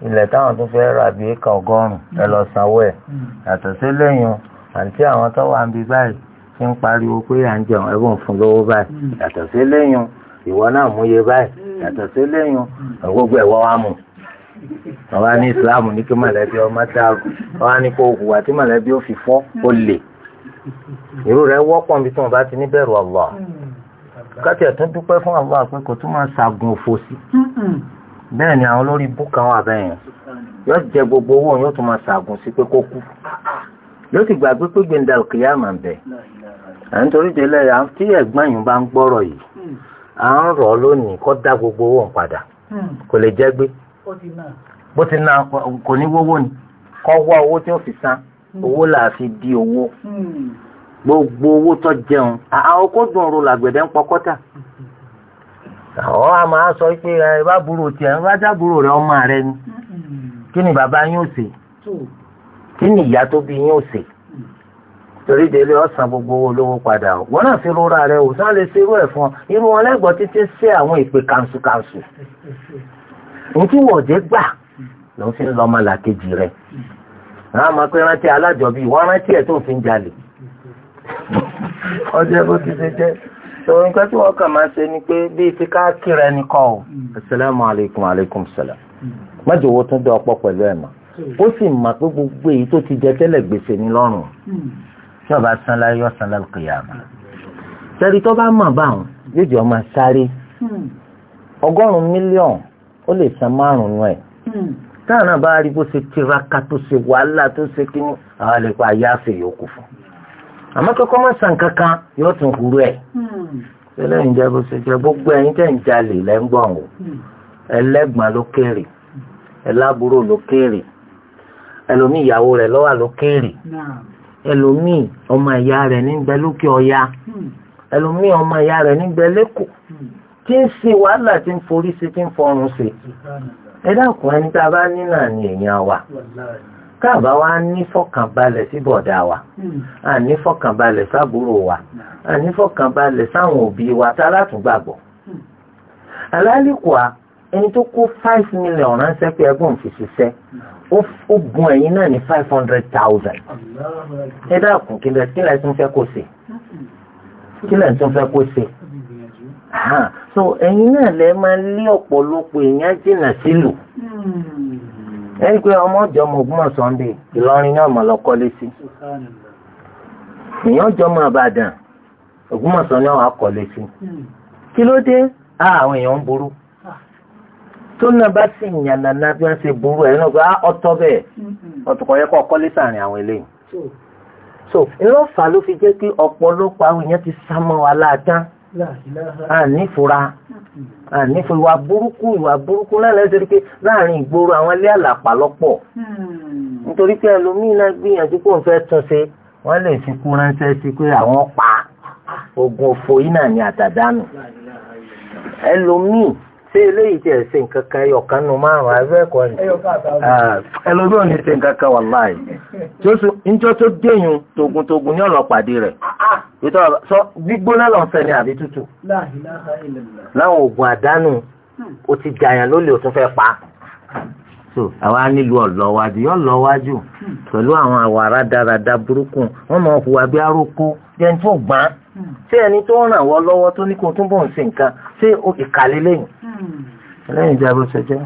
ilẹ̀ táwọn tó fẹ́ rà bí éka ọgọ́rùn-ún ẹ lọ sanwó ẹ̀ hmm. yàtọ̀ sí lẹ́yìn àǹtí àwọn tó wà ń bí báyìí ti ń pariwo pé à ń jẹun ẹ̀bùn fún lówó báyìí yàtọ̀ sí lẹ́yìn ìwọ náà múye báyìí yàtọ̀ sí lẹ́yìn gbogbo ẹ̀wọ́ wa mú àwa ní islam ní kí mọ̀lẹ́bí ọmọ dáàbò àwa ní kó hùwà tí mọ̀lẹ́bí ó fi fọ́ ó lè irú rẹ̀ wọ́pọ̀ níbi tí wọ́n bá ti ní bẹ̀rù Allah káti ẹ̀tún dúpẹ́ fún Allah pé kò tún máa ṣàgùn òfò sí bẹ́ẹ̀ ni àwọn olórí búkà wà bẹ́ẹ̀ yẹn yóò jẹ gbogbo owó yóò tún máa ṣàgùn sí pé kó kú yóò ti gbàgbé pé gbẹ̀ndàlùkìyà máa bẹ̀ à ń torí délẹ̀ tí ẹ̀gbọ́n yìí bá ń gbọ́rọ̀ yìí a ń rọ̀ lónìí kó dá gbogbo owó ń padà hmm. kò lè jẹ́ gbé bó ti na kò ní wówó ni kó wá owó tí ó fi san hmm. owó là á fi di owó hmm. gbogbo owó tó jẹun àwọn okó dùn òru làgbẹ̀dẹ̀ ń pọkọ́tà àwọn a máa sọ pé ẹ bá burú tiẹ̀ ẹ bá jábúrò rẹ ọmọ rẹ ni kí ni bàbá yín ó ṣe kí ni ìyá tó bí yín ó ṣe torí délé ọ̀sán gbogbo olówó padà o wọn náà fi rora rẹ o sáà lè ṣe irú ẹ̀ fún ọ irú wọn lẹ́gbọ̀ọ́ títí sí àwọn ìpè kanṣukanṣu ntí wọ́n jẹ́ gbà ló ń fi ń lọ́mọ làkejì rẹ̀ àwọn àmọ́ pé rántí alájọbí wọ́n rántí ẹ̀ tó ń fi ń jalè ọjọ́ bó ti ṣe jẹ́ sọ̀rọ̀ nǹkan tí wọ́n kàn máa ṣe ni pé bíi ti ká kíra ẹni kọ́ ọ asalaamu alaykum alaykum salaam mọ́jọ owó tún dọ́ ọ̀pọ̀ pẹ̀lú ẹ̀ mọ́ ó sì mọ̀ pé gbogbo èyí tó ti jẹ tí ọba san láyé ọ̀sán lálùkìyàmà sẹ́rí tó bá mọ̀ báwọn yóò jọ máa sáré hmm. ọgọ́rùn-ún mílíọ̀n ó lè san márùn-ún ẹ̀ hmm. táwọn náà bá rí bó ṣe tiraka tó ṣe wàhálà tó ṣe kíní àwọn lè pa ayé àfẹ yòókù fún àmọ́ kọ́kọ́ má san kankan yóò tún hurú ẹ̀ hmm. tẹ́lẹ̀ jẹ́ bó ṣe jẹ́ gbogbo ẹ̀yin tẹ́ ń jalè lẹ́ngbọ̀n o ẹlẹ́gbọ̀n ló kéré ẹlábúrò ló kéré ẹlòmíì rẹ̀ ló ló kéré ẹlòmíì ọmọ ìyá rẹ níbẹ̀ lókè ọya hmm. ẹlòmíì ọmọ ìyá rẹ níbẹ̀ lẹ́kọ̀ọ́ hmm. tí ń ṣe wàhálà tí ń forí sí tí ń fọrùn sí ẹ dákun ẹni tá a bá ní náà ni èèyàn wa káàbá wa ní fọkànbalẹ̀ sí bọ̀dá wa hmm. a ní fọkànbalẹ̀ sábúrò wa a ní fọkànbalẹ̀ sáwọn òbí wa tá látùgbàgbọ́ alálìkùá ẹni tó kó five million ránṣẹ́ pé ẹgbọ́n fi ṣiṣẹ́ ó gun ẹ̀yìn náà ní five hundred thousand ẹ dákun kí lẹ kí lẹ tún fẹ́ kó ṣe kí lẹ tún fẹ́ kó ṣe so ẹ̀yìn náà lẹ máa lé ọ̀pọ̀lọpọ̀ èèyàn jìnnà sílùú ẹni pé ọmọ ọjọ́ ọmọ Ògbómọ̀ Sunday Ìlọrin náà mọ̀ lọ́kọ́lé sí èèyàn ọjọ́ ọmọ Ìbàdàn Ògbómọ̀ṣọ́ náà wà kọ́lé sí kí ló dé àwọn èèyàn ń burú tó náà bá sì yàn nàná bí wọ́n ṣe burú ẹ̀ náà gbá ọtọ́ ah, bẹ́ẹ̀ ọ̀tùkọ̀ mm-hmm. yẹ kọ́ kọ́lé sàárín àwọn eléyìí. so ìlọ́fà ló fi jẹ́ kí ọ̀pọ̀lọpọ̀ àwọn èèyàn ti sá mọ́ wa láàdán ànífura ànífura mm-hmm. ìwà burúkú ìwà burúkú náà lẹ́sẹ̀ rí pé láàrin ìgboro àwọn ilé àlàpà lọ́pọ̀ mm-hmm. nítorí pé ẹlòmíín náà gbìyànjú kó ń fẹ́ tún ṣe wọ́n lè fi kú ránṣẹ́ sí pé àwọn pa ogun òfò yìí náà ní àtàdánù ẹlòmíín ṣé eléyìí tí ẹ ṣe nǹkan kan ẹyọ kan nu márùn abẹ ẹkọ ni ẹlòmíràn ah, ní ṣe nǹkan kan wà láàyè níjọ tó déyìn togun-togun ní ọ̀nà pàdé rẹ̀ ah, ah. gbígbóná lọ́sẹ̀ ni àbí tútù láwọn oògùn àdánù o hmm. ti jàyàn lólè o fẹ́ pa so àwa nílùú ọ̀lọ́wájú yóò lọ́wájú hmm. pẹ̀lú àwọn àwàrà dáradá burúkú wọ́n mọ̀ hùwà bí aróko jẹ́ ní tó gbọ́n ṣé ẹni tó ràn wọ́ lọ́wọ́ tó ní kó tún bọ̀ ń ṣe nǹkan ṣé o ìkàlẹ̀ lẹ́yìn hmm. lẹ́yìn ìjábọ̀ ṣẹjẹ́